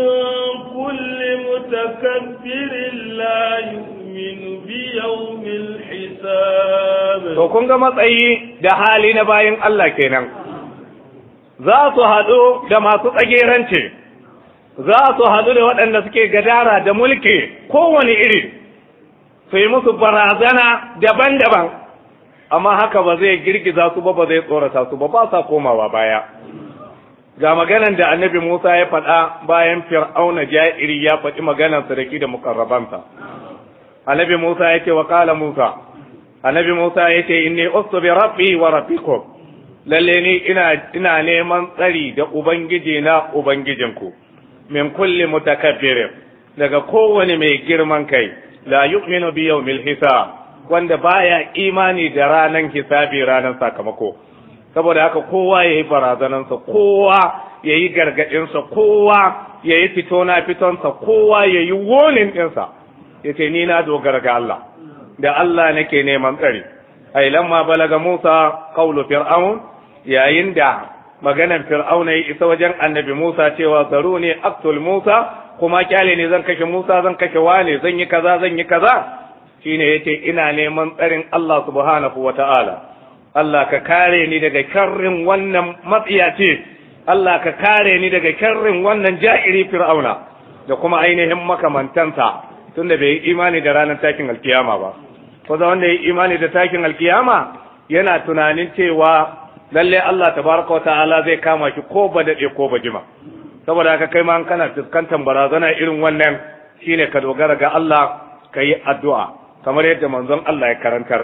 كل متكبر لا يؤمن بيوم الحساب to kun ga matsayi da hali na bayan Allah kenan za su haɗu da masu tsagerance za su haɗu da waɗanda suke gadara da mulki kowane iri su musu barazana daban-daban amma haka ba zai girgiza su ba ba zai tsorata su ba ba sa komawa baya ga maganan da annabi Musa ya faɗa bayan Fir'auna ja'iri ya faɗi maganar sadaki da mukarrabanta annabi Musa yake wa kala Musa annabi Musa yake inni ustu bi rabbi wa rabbikum lalle ni ina ina neman tsari da ubangiji na ubangijinku min kulli mutakabbirin daga kowane mai girman kai la yu'minu bi yawmil hisab wanda baya imani da ranan hisabi ranan sakamako saboda haka kowa yayi sa kowa yayi gargadinsa kowa yayi fitona na fitonsa kowa yayi wonin sa yace ni na dogara ga Allah da Allah nake neman tsari ai lamma balaga Musa qawlu fir'aun yayin da maganan fir'auna ya isa wajen annabi Musa cewa zaruni aktul Musa kuma kyale ne zan kashe Musa zan kashe wane zan yi kaza zan yi kaza shine yace ina neman tsarin Allah subhanahu Ta'ala. Allah ka kare ni daga karrin wannan matsiyaci Allah ka kare ni daga karrin wannan ja'iri fir'auna da kuma ainihin makamantansa tunda bai yi imani da ranar takin alkiyama ba ko wanda ya yi imani da takin alkiyama yana tunanin cewa lalle Allah tabaraka wa ta'ala zai kama shi ko ba dade ko ba jima saboda haka kai ma kana fuskantar barazana irin wannan shine ka dogara ga Allah ka yi addu'a kamar yadda manzon Allah ya karantar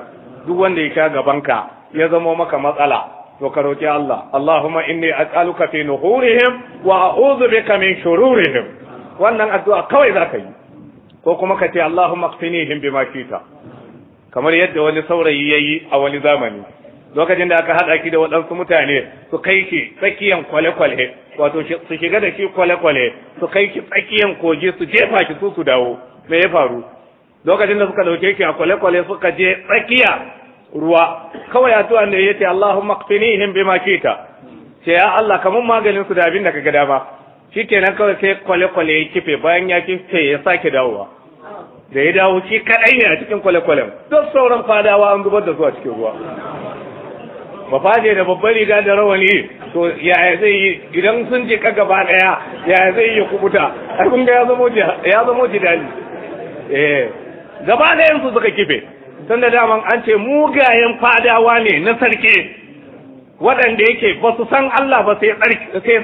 duk wanda ya sha gabanka ya zamo maka matsala to ka roki Allah Allahumma inni as'aluka fi nuhurihim wa a'udhu bika min shururihim wannan addu'a kawai za ka yi ko kuma ka ce Allahumma qfinihim bima shita kamar yadda wani saurayi yayi a wani zamani lokacin da aka haɗa ki da waɗansu mutane su kai ki tsakiyan kwale-kwale wato su shiga da shi kwale-kwale su kai ki tsakiyan kogi su jefa ki su su dawo me ya faru lokacin da suka dauke ki a kwale-kwale suka je tsakiya ruwa kawai addu'a ne yace Allahumma qfinihim bima kita ce ya Allah mun maganin su da abin da kaga dama shikenan kawai sai kwale-kwale ya kife bayan ya kife ya sake dawowa da ya dawo shi kadai ne a cikin kwale-kwalen duk sauran fadawa an zubar da su a cikin ruwa ba faje da babbar riga da rawani to yaya zai yi idan sun jika gaba daya yaya zai yi kubuta ai kun ga ya zamo ya zamo eh gaba dayan su suka kife tun da daman an ce mugayen fadawa ne na sarki waɗanda yake ba su san Allah ba sai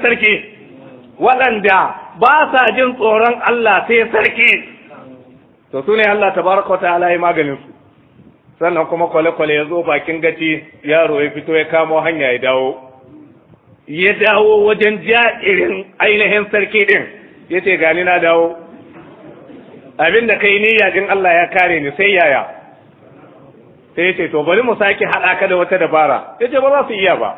sarki waɗanda ba sa jin tsoron Allah sai sarki to su ne Allah tabaraka wa ta'ala ya maganin su sannan kuma kwale-kwale ya zo bakin gaci yaro ya fito ya kamo hanya ya dawo ya dawo wajen ja'irin ainihin sarki din ya ce gani na dawo abin da kai niyya din Allah ya kare ni sai yaya sai ya ce to bari mu sake haɗa ka da wata dabara ya ce ba za su iya ba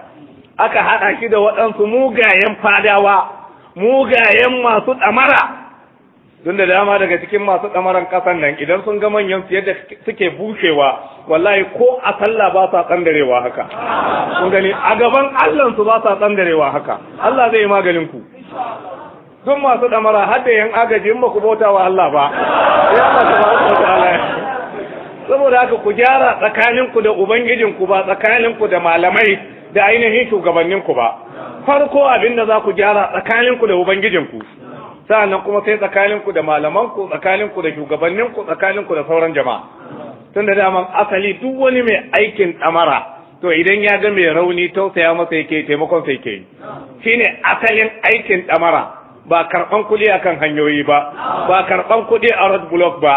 aka haɗa shi da waɗansu mugayen fadawa mugayen masu ɗamara don da dama daga cikin masu ɗamaran ƙasan nan idan sun ga manyan fiye da suke bushewa wallahi ko a sallah ba sa tsandarewa haka kun gani a gaban Allah su ba sa tsandarewa haka Allah zai yi maganin ku masu ɗamara har da yan agaji in ba ku bauta wa Allah ba ya masu ba saboda haka ku gyara tsakaninku da ubangijinku ba tsakaninku da malamai da ainihin shugabanninku ba farko abin da za ku gyara tsakaninku da ubangijinku sa'annan kuma sai tsakaninku da malaman malamanku tsakaninku da shugabannin ku tsakanin ku da sauran jama'a tun da daman asali duk wani mai aikin ɗamara to idan ya ga mai rauni tausaya masa yake taimakon sa yake yi shine asalin aikin ɗamara ba karban kuɗi akan hanyoyi ba ba karban kuɗi a road block ba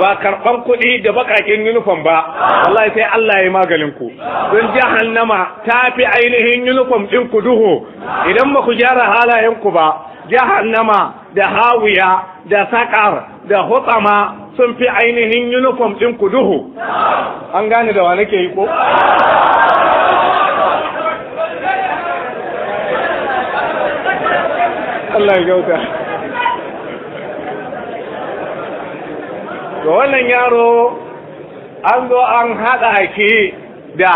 ba karban kuɗi da bakakin uniform ba wallahi sai Allah ya maganin ku don jahannama ta fi ainihin uniform ɗin ku duhu idan ba ku gyara halayen ku ba jahannama da hawiya da sakar da hutsama sun fi ainihin uniform ɗin ku duhu an gane da wa nake yi ko Allah ya kyauta to wannan yaro an zo an haɗa ki da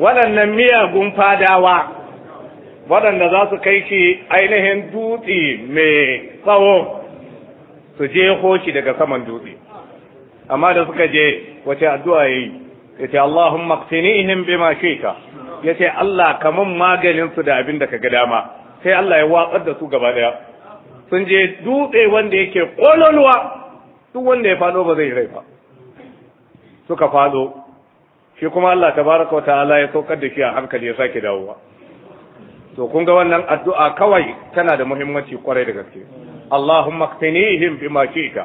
waɗannan miyagun fadawa waɗanda za su kai ki ainihin dutse mai tsawo su je hoki daga saman dutse amma da suka je wace addu'a ya yi? yayi yace Allahumma ma bima Ya ce, Allah kamun maganinsu da abin da ka kaga dama sai Allah ya watsar da su gaba ɗaya. sun je dutse wanda yake ƙololuwa duk wanda ya fado ba zai rai ba suka fado shi kuma Allah tabaraka ta'ala ya saukar da shi a hankali ya sake dawowa to kun ga wannan addu'a kawai tana da muhimmanci kwarai da gaske Allahumma qtinihim bima shi'ta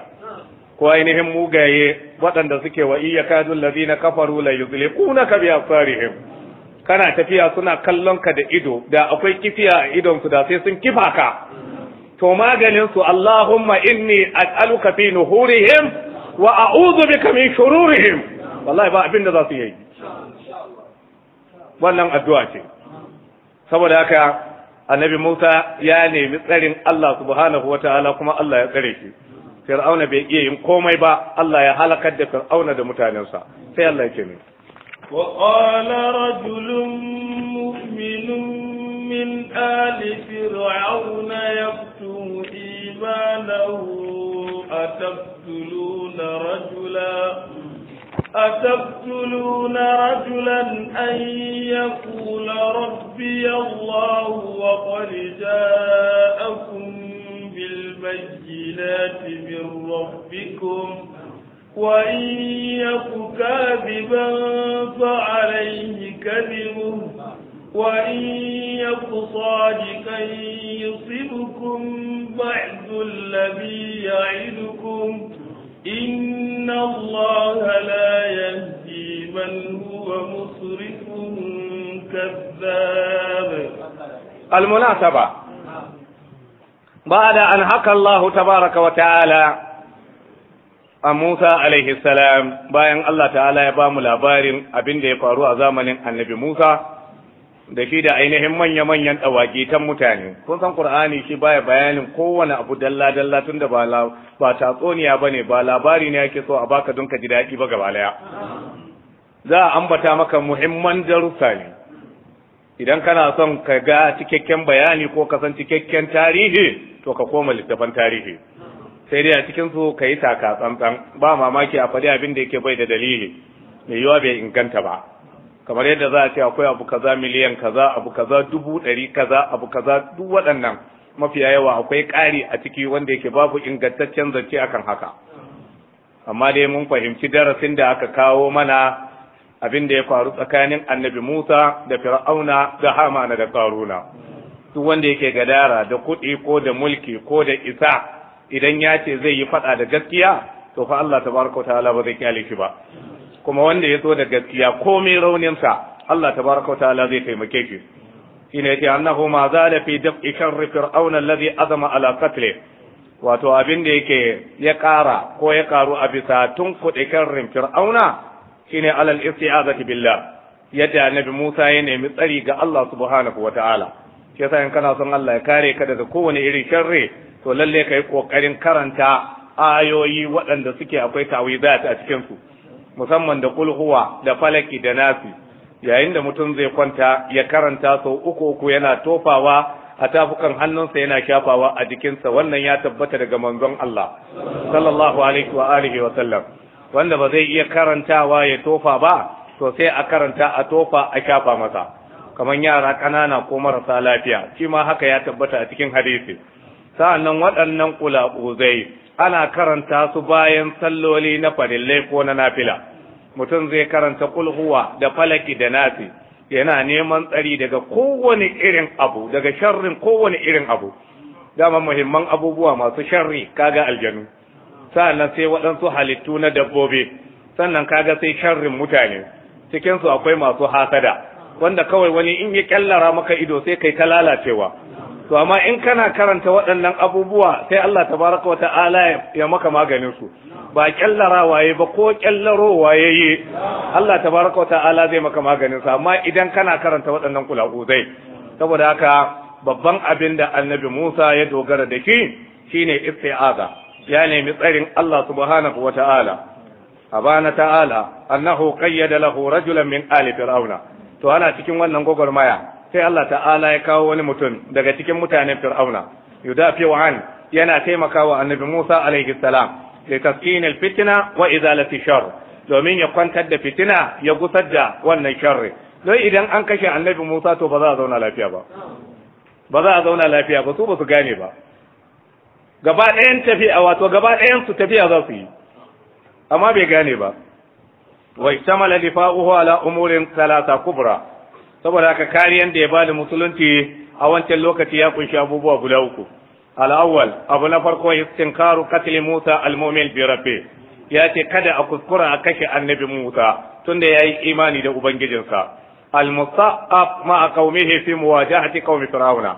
ko ainihin mugaye waɗanda suke wa iyyaka kadul ladina kafaru la yuzliqunaka bi absarihim kana tafiya suna kallon ka da ido da akwai kifiya a idon su da sai sun kifa ka to maganin su Allahumma inni as'aluka fi nuhurihim wa a'udhu bika min shururihim wallahi ba abin da za su yi wannan addu'a ce saboda haka annabi Musa ya nemi tsarin Allah subhanahu wataala kuma Allah ya tsare shi Fir'auna bai iya yin komai ba Allah ya halakar da Fir'auna da mutanensa sai Allah ya ce mai وقال رجل مؤمن من آل فرعون يكتم إيمانه أتقتلون رجلا أتقتلون رجلا أن يقول ربي الله وقد جاءكم بالبينات من ربكم وإن يك كاذبا فعليه كذبه وإن يك صادقا يصبكم بعد الذي يعدكم إن الله لا يهدي من هو مصرف كذاب المناسبة بعد أن حكى الله تبارك وتعالى a Musa alaihi salam bayan Allah ta'ala ya ba mu labarin abin da ya faru a zamanin annabi Musa da shi da ainihin manya-manyan ta mutane kun san Kur'ani shi baya bayanin kowane abu dalla-dalla tun da ba tatsuniya ba ne ba labari ne yake so a baka don ka ji daɗi ba gaba ɗaya za a ambata maka muhimman darussa ne idan kana son ka ga cikakken bayani ko ka san cikakken tarihi to ka koma littafan tarihi sai dai a cikin su ka yi taka tsantsan ba mamaki a faɗi abin da yake bai da dalili mai yiwa bai inganta ba kamar yadda za a ce akwai abu kaza miliyan kaza abu kaza dubu ɗari kaza abu kaza duk waɗannan mafiya yawa akwai ƙari a ciki wanda yake babu ingantaccen zance akan haka amma dai mun fahimci darasin da aka kawo mana abin da ya faru tsakanin annabi Musa da Fir'auna da Hamana da Karuna duk wanda yake gadara da kuɗi ko da mulki ko da isa idan ya ce zai yi faɗa da gaskiya to fa Allah tabaraka ta'ala ba zai kyale shi ba kuma wanda ya zo da gaskiya komai rauninsa Allah tabaraka ta'ala zai taimake shi shine yace annahu ma zala fi daf'i sharri fir'auna alladhi azama ala qatlihi wato abin da yake ya ƙara ko ya ƙaru a bisa tun kuɗi karrin fir'auna shine alal isti'azati billah yadda annabi Musa ya nemi tsari ga Allah subhanahu wata'ala shi yasa in kana son Allah ya kare ka daga kowane irin sharri to lalle kai kokarin karanta ayoyi waɗanda suke akwai tawizat a cikin su musamman da kul da falaki da nasi yayin da mutum zai kwanta ya karanta sau uku uku yana tofawa a tafukan hannunsa yana shafawa a jikinsa wannan ya tabbata daga manzon Allah sallallahu alaihi wa alihi wa sallam wanda ba zai iya karantawa ya tofa ba to sai a karanta a tofa a shafa masa kamar yara ƙanana ko marasa lafiya shi ma haka ya tabbata a cikin hadisi sa'annan waɗannan kulabuzai ana karanta su bayan salloli na farillai ko na nafila mutum zai karanta kulhuwa da falaki da nafi yana neman tsari daga kowane irin abu daga sharrin kowane irin abu dama muhimman abubuwa masu sharri kaga aljanu sa'annan sai waɗansu halittu na dabbobi sannan kaga sai sharrin mutane cikinsu akwai masu hasada wanda kawai wani in ya kyallara maka ido sai kai ta lalacewa to amma in kana karanta waɗannan abubuwa sai Allah tabaraka Wata'ala ya maka maganin su ba kyallara waye ba ko kyallaro waye Allah tabaraka Wata'ala zai maka maganin sa amma idan kana karanta waɗannan kulaguzai saboda haka babban abin da annabi Musa ya dogara da shi shine isti'aza ya nemi tsarin Allah subhanahu wa ta'ala abana ta'ala annahu qayyada lahu rajulan min ali fir'auna to ana cikin wannan gwagwarmaya sai Allah ta'ala ya kawo wani mutum daga cikin mutanen fir'auna yudafi'u an yana taimakawa annabi Musa alaihi salam li taskin al-fitna wa izalati shar domin ya kwantar da fitina ya gusar da wannan sharri don idan an kashe annabi Musa to ba za a zauna lafiya ba ba za a zauna lafiya ba su ba su gane ba gaba ɗayan tafiya wato gaba ɗayan su tafiya za su yi amma bai gane ba wa ihtamala difa'uhu ala umurin salasa kubra saboda haka kariyan da ya bada musulunci a wancan lokaci ya kunshi abubuwa guda uku al'awwal abu na farko istinkaru katli Musa al-mu'min bi rabbi ya ce kada a kuskura a kashe annabi Musa tunda yayi imani da ubangijinsa al-musta'ab ma qaumihi fi muwajahati qaumi fir'auna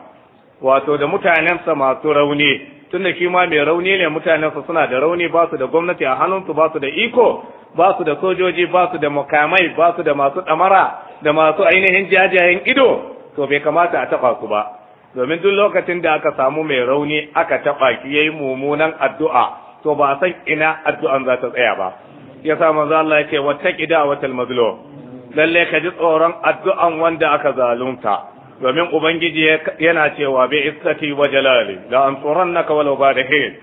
wato da mutanensa masu rauni tunda shi ma mai rauni ne mutanensa suna da rauni ba su da gwamnati a hannunsu ba su da iko ba su da sojoji ba su da mukamai ba su da masu ɗamara da masu ainihin jajayen ido to bai kamata a taɓa ku ba domin duk lokacin da aka samu mai rauni aka taɓa ki yayi mummunan addu'a to ba san ina addu'an za ta tsaya ba ya sa manzo Allah yake wattaqi da'watal mazlum lalle ka ji tsoron addu'an wanda aka zalunta domin ubangiji yana cewa bi iskati wa jalali la ansurannaka walau badahin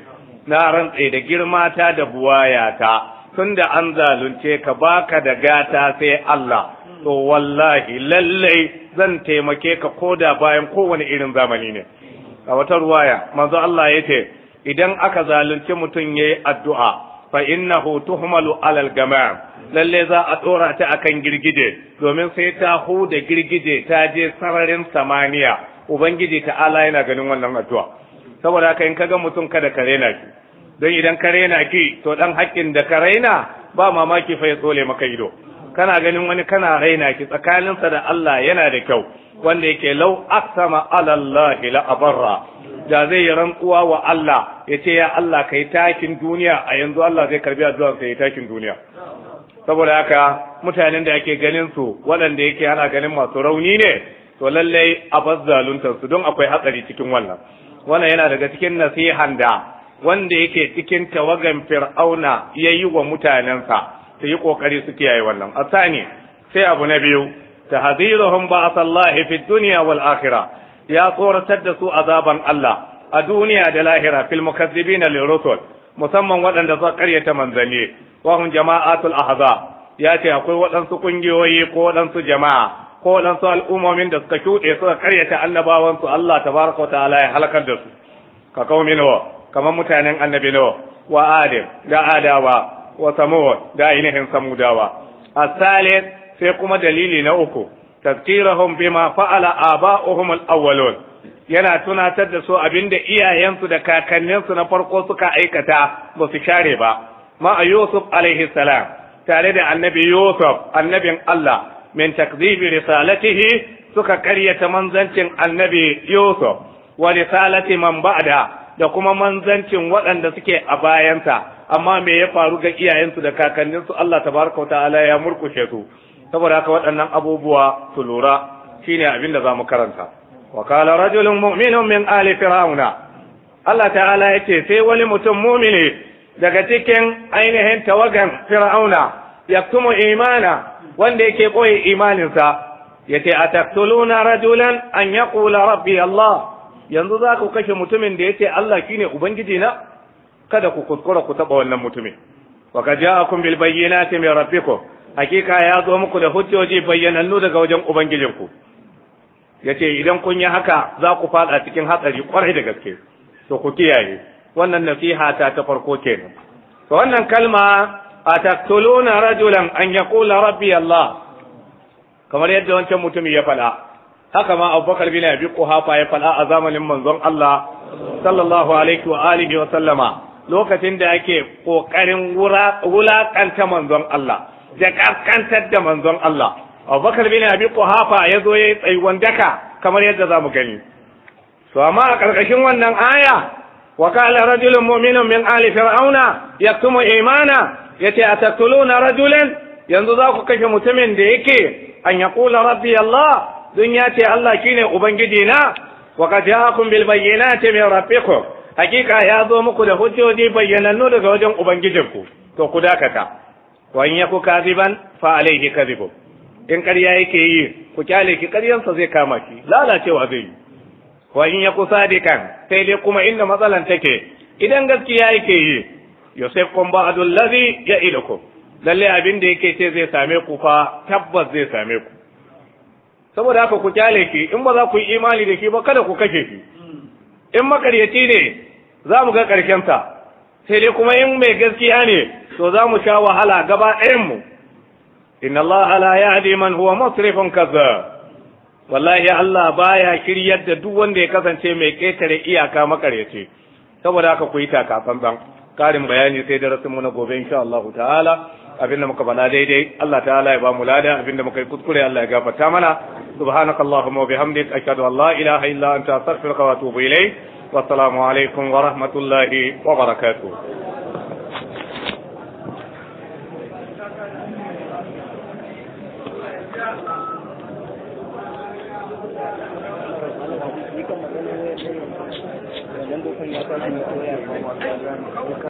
na rantse da girma ta da buwaya ta tunda an zalunce ka baka da gata sai Allah to wallahi lallai zan taimake ka koda bayan kowane irin zamani ne a wata ruwaya manzo Allah ya ce idan aka zalunci mutum yayi addu'a fa innahu tuhmalu alal gama lalle za a dora ta akan girgije domin sai ta huda girgije ta je sararin samaniya ubangiji ta'ala yana ganin wannan addu'a saboda haka in kaga mutum kada ka rena ki don idan ka rena ki to dan haƙƙin da ka raina ba mamaki fa ya tsole maka ido kana ganin wani kana raina ki tsakaninsa da Allah yana da kyau wanda yake lau aqsama ala Allah la abarra da zai yi rantsuwa wa Allah ya ce ya Allah kai takin duniya a yanzu Allah zai karbi addu'ar sai takin duniya saboda haka mutanen da ake ganin su waɗanda yake ana ganin masu rauni ne to lallai a su don akwai hatsari cikin wannan wannan yana daga cikin nasihan da wanda yake cikin tawagan fir'auna ya yi wa mutanensa su yi ƙoƙari su kiyaye wannan asani sai abu na biyu tahziruhum ba'athallahi fid duniya wal akhira ya tsoratar da su azaban Allah a duniya da lahira fil mukazzibina lirusul musamman waɗanda suka karyata manzanni wa hum jama'atul ya ce akwai waɗansu kungiyoyi ko waɗansu jama'a ko waɗansu al'ummomin da suka shuɗe suka karyata annabawansu Allah tabaraka wa ta'ala ya halakar da su ka kaumi kamar mutanen annabi nawa wa adam da adawa wa samud da ainihin samudawa asalin sai kuma dalili na uku tazkirahum bima fa'ala aba'uhum al-awwalun yana tunatar da su abinda iyayensu da kakanninsu na farko suka aikata ba su share ba ma yusuf alaihi salam tare da annabi yusuf annabin Allah min takzibi risalatihi suka karyata manzancin annabi yusuf wa risalati man ba'da da kuma manzancin waɗanda suke a bayansa amma me ya faru ga iyayensu da kakanninsu Allah tabaraka ta'ala ya murkushe su saboda haka waɗannan abubuwa su lura shine abin da zamu karanta wa qala rajulun mu'minun min ali fir'auna Allah ta'ala yace sai wani mutum mu'mini daga cikin ainihin tawagan fir'auna yaktumu imana wanda yake boye imaninsa yace ataqtuluna rajulan an yaqula rabbi Allah yanzu za ku kashe mutumin da yace Allah shine ubangiji na kada ku kuskura ku taba wannan mutumin wa kad ja'akum bil bayyinati min rabbikum hakika ya zo muku da hujjoji bayyanannu daga wajen ubangijinku yace idan kun yi haka za ku fada cikin hatsari kwarai da gaske to ku kiyaye wannan nasiha ta ta farko kenan to wannan kalma ataktuluna rajulan an yaqula rabbi Allah kamar yadda wancan mutumin ya fada haka ma abubakar bin abi kuhafa ya faɗa a zamanin manzon Allah sallallahu alaihi wa alihi wa sallama lokacin da yake kokarin wulakanta manzon Allah da kaskantar da manzon Allah Abubakar bin Abi Quhafa ya zo yayi tsayuwan daka kamar yadda za mu gani to amma a ƙarƙashin wannan aya wa qala rajulun mu'minun min ali fir'auna yaktumu imana yace ataqtuluna rajulan yanzu za ku kashe mutumin da yake an yaqula rabbi Allah dun ya ce Allah shine ubangiji na wa qad ja'akum bil bayyinati min rabbikum hakika ya zo muku da hujjoji bayyanannu daga wajen ubangijinku to ku dakata wa in yaku kaziban fa alaihi kadhibu in ƙarya yake yi ku kyale ki ƙaryansa zai kama ki lalacewa zai yi wa in yaku sadikan sai dai kuma inda matsalan take idan gaskiya yake yi yusaikum ba'du allazi ya'idukum lalle abin da yake ce zai same ku fa tabbas zai same ku saboda haka ku kyale ki in ba za ku yi imani da shi ba kada ku kashe shi in makaryaci ne za mu ga ƙarshenta sai dai kuma in mai gaskiya ne to za mu sha wahala gaba ɗayanmu inna allaha ya yahdi man huwa musrifun kaza wallahi Allah baya kiryar da duk wanda ya kasance mai ƙetare iyaka makaryace saboda haka ku yi takatsantsan karin bayani sai darasin mu na gobe insha Allah ta'ala abinda muka bana daidai Allah ta'ala ya ba mu lada abinda muka yi kuskure Allah ya gafarta mana subhanakallahumma wa bihamdik ashhadu an la ilaha illa anta astaghfiruka wa atubu ilayk والسلام عليكم ورحمة الله وبركاته Thank you.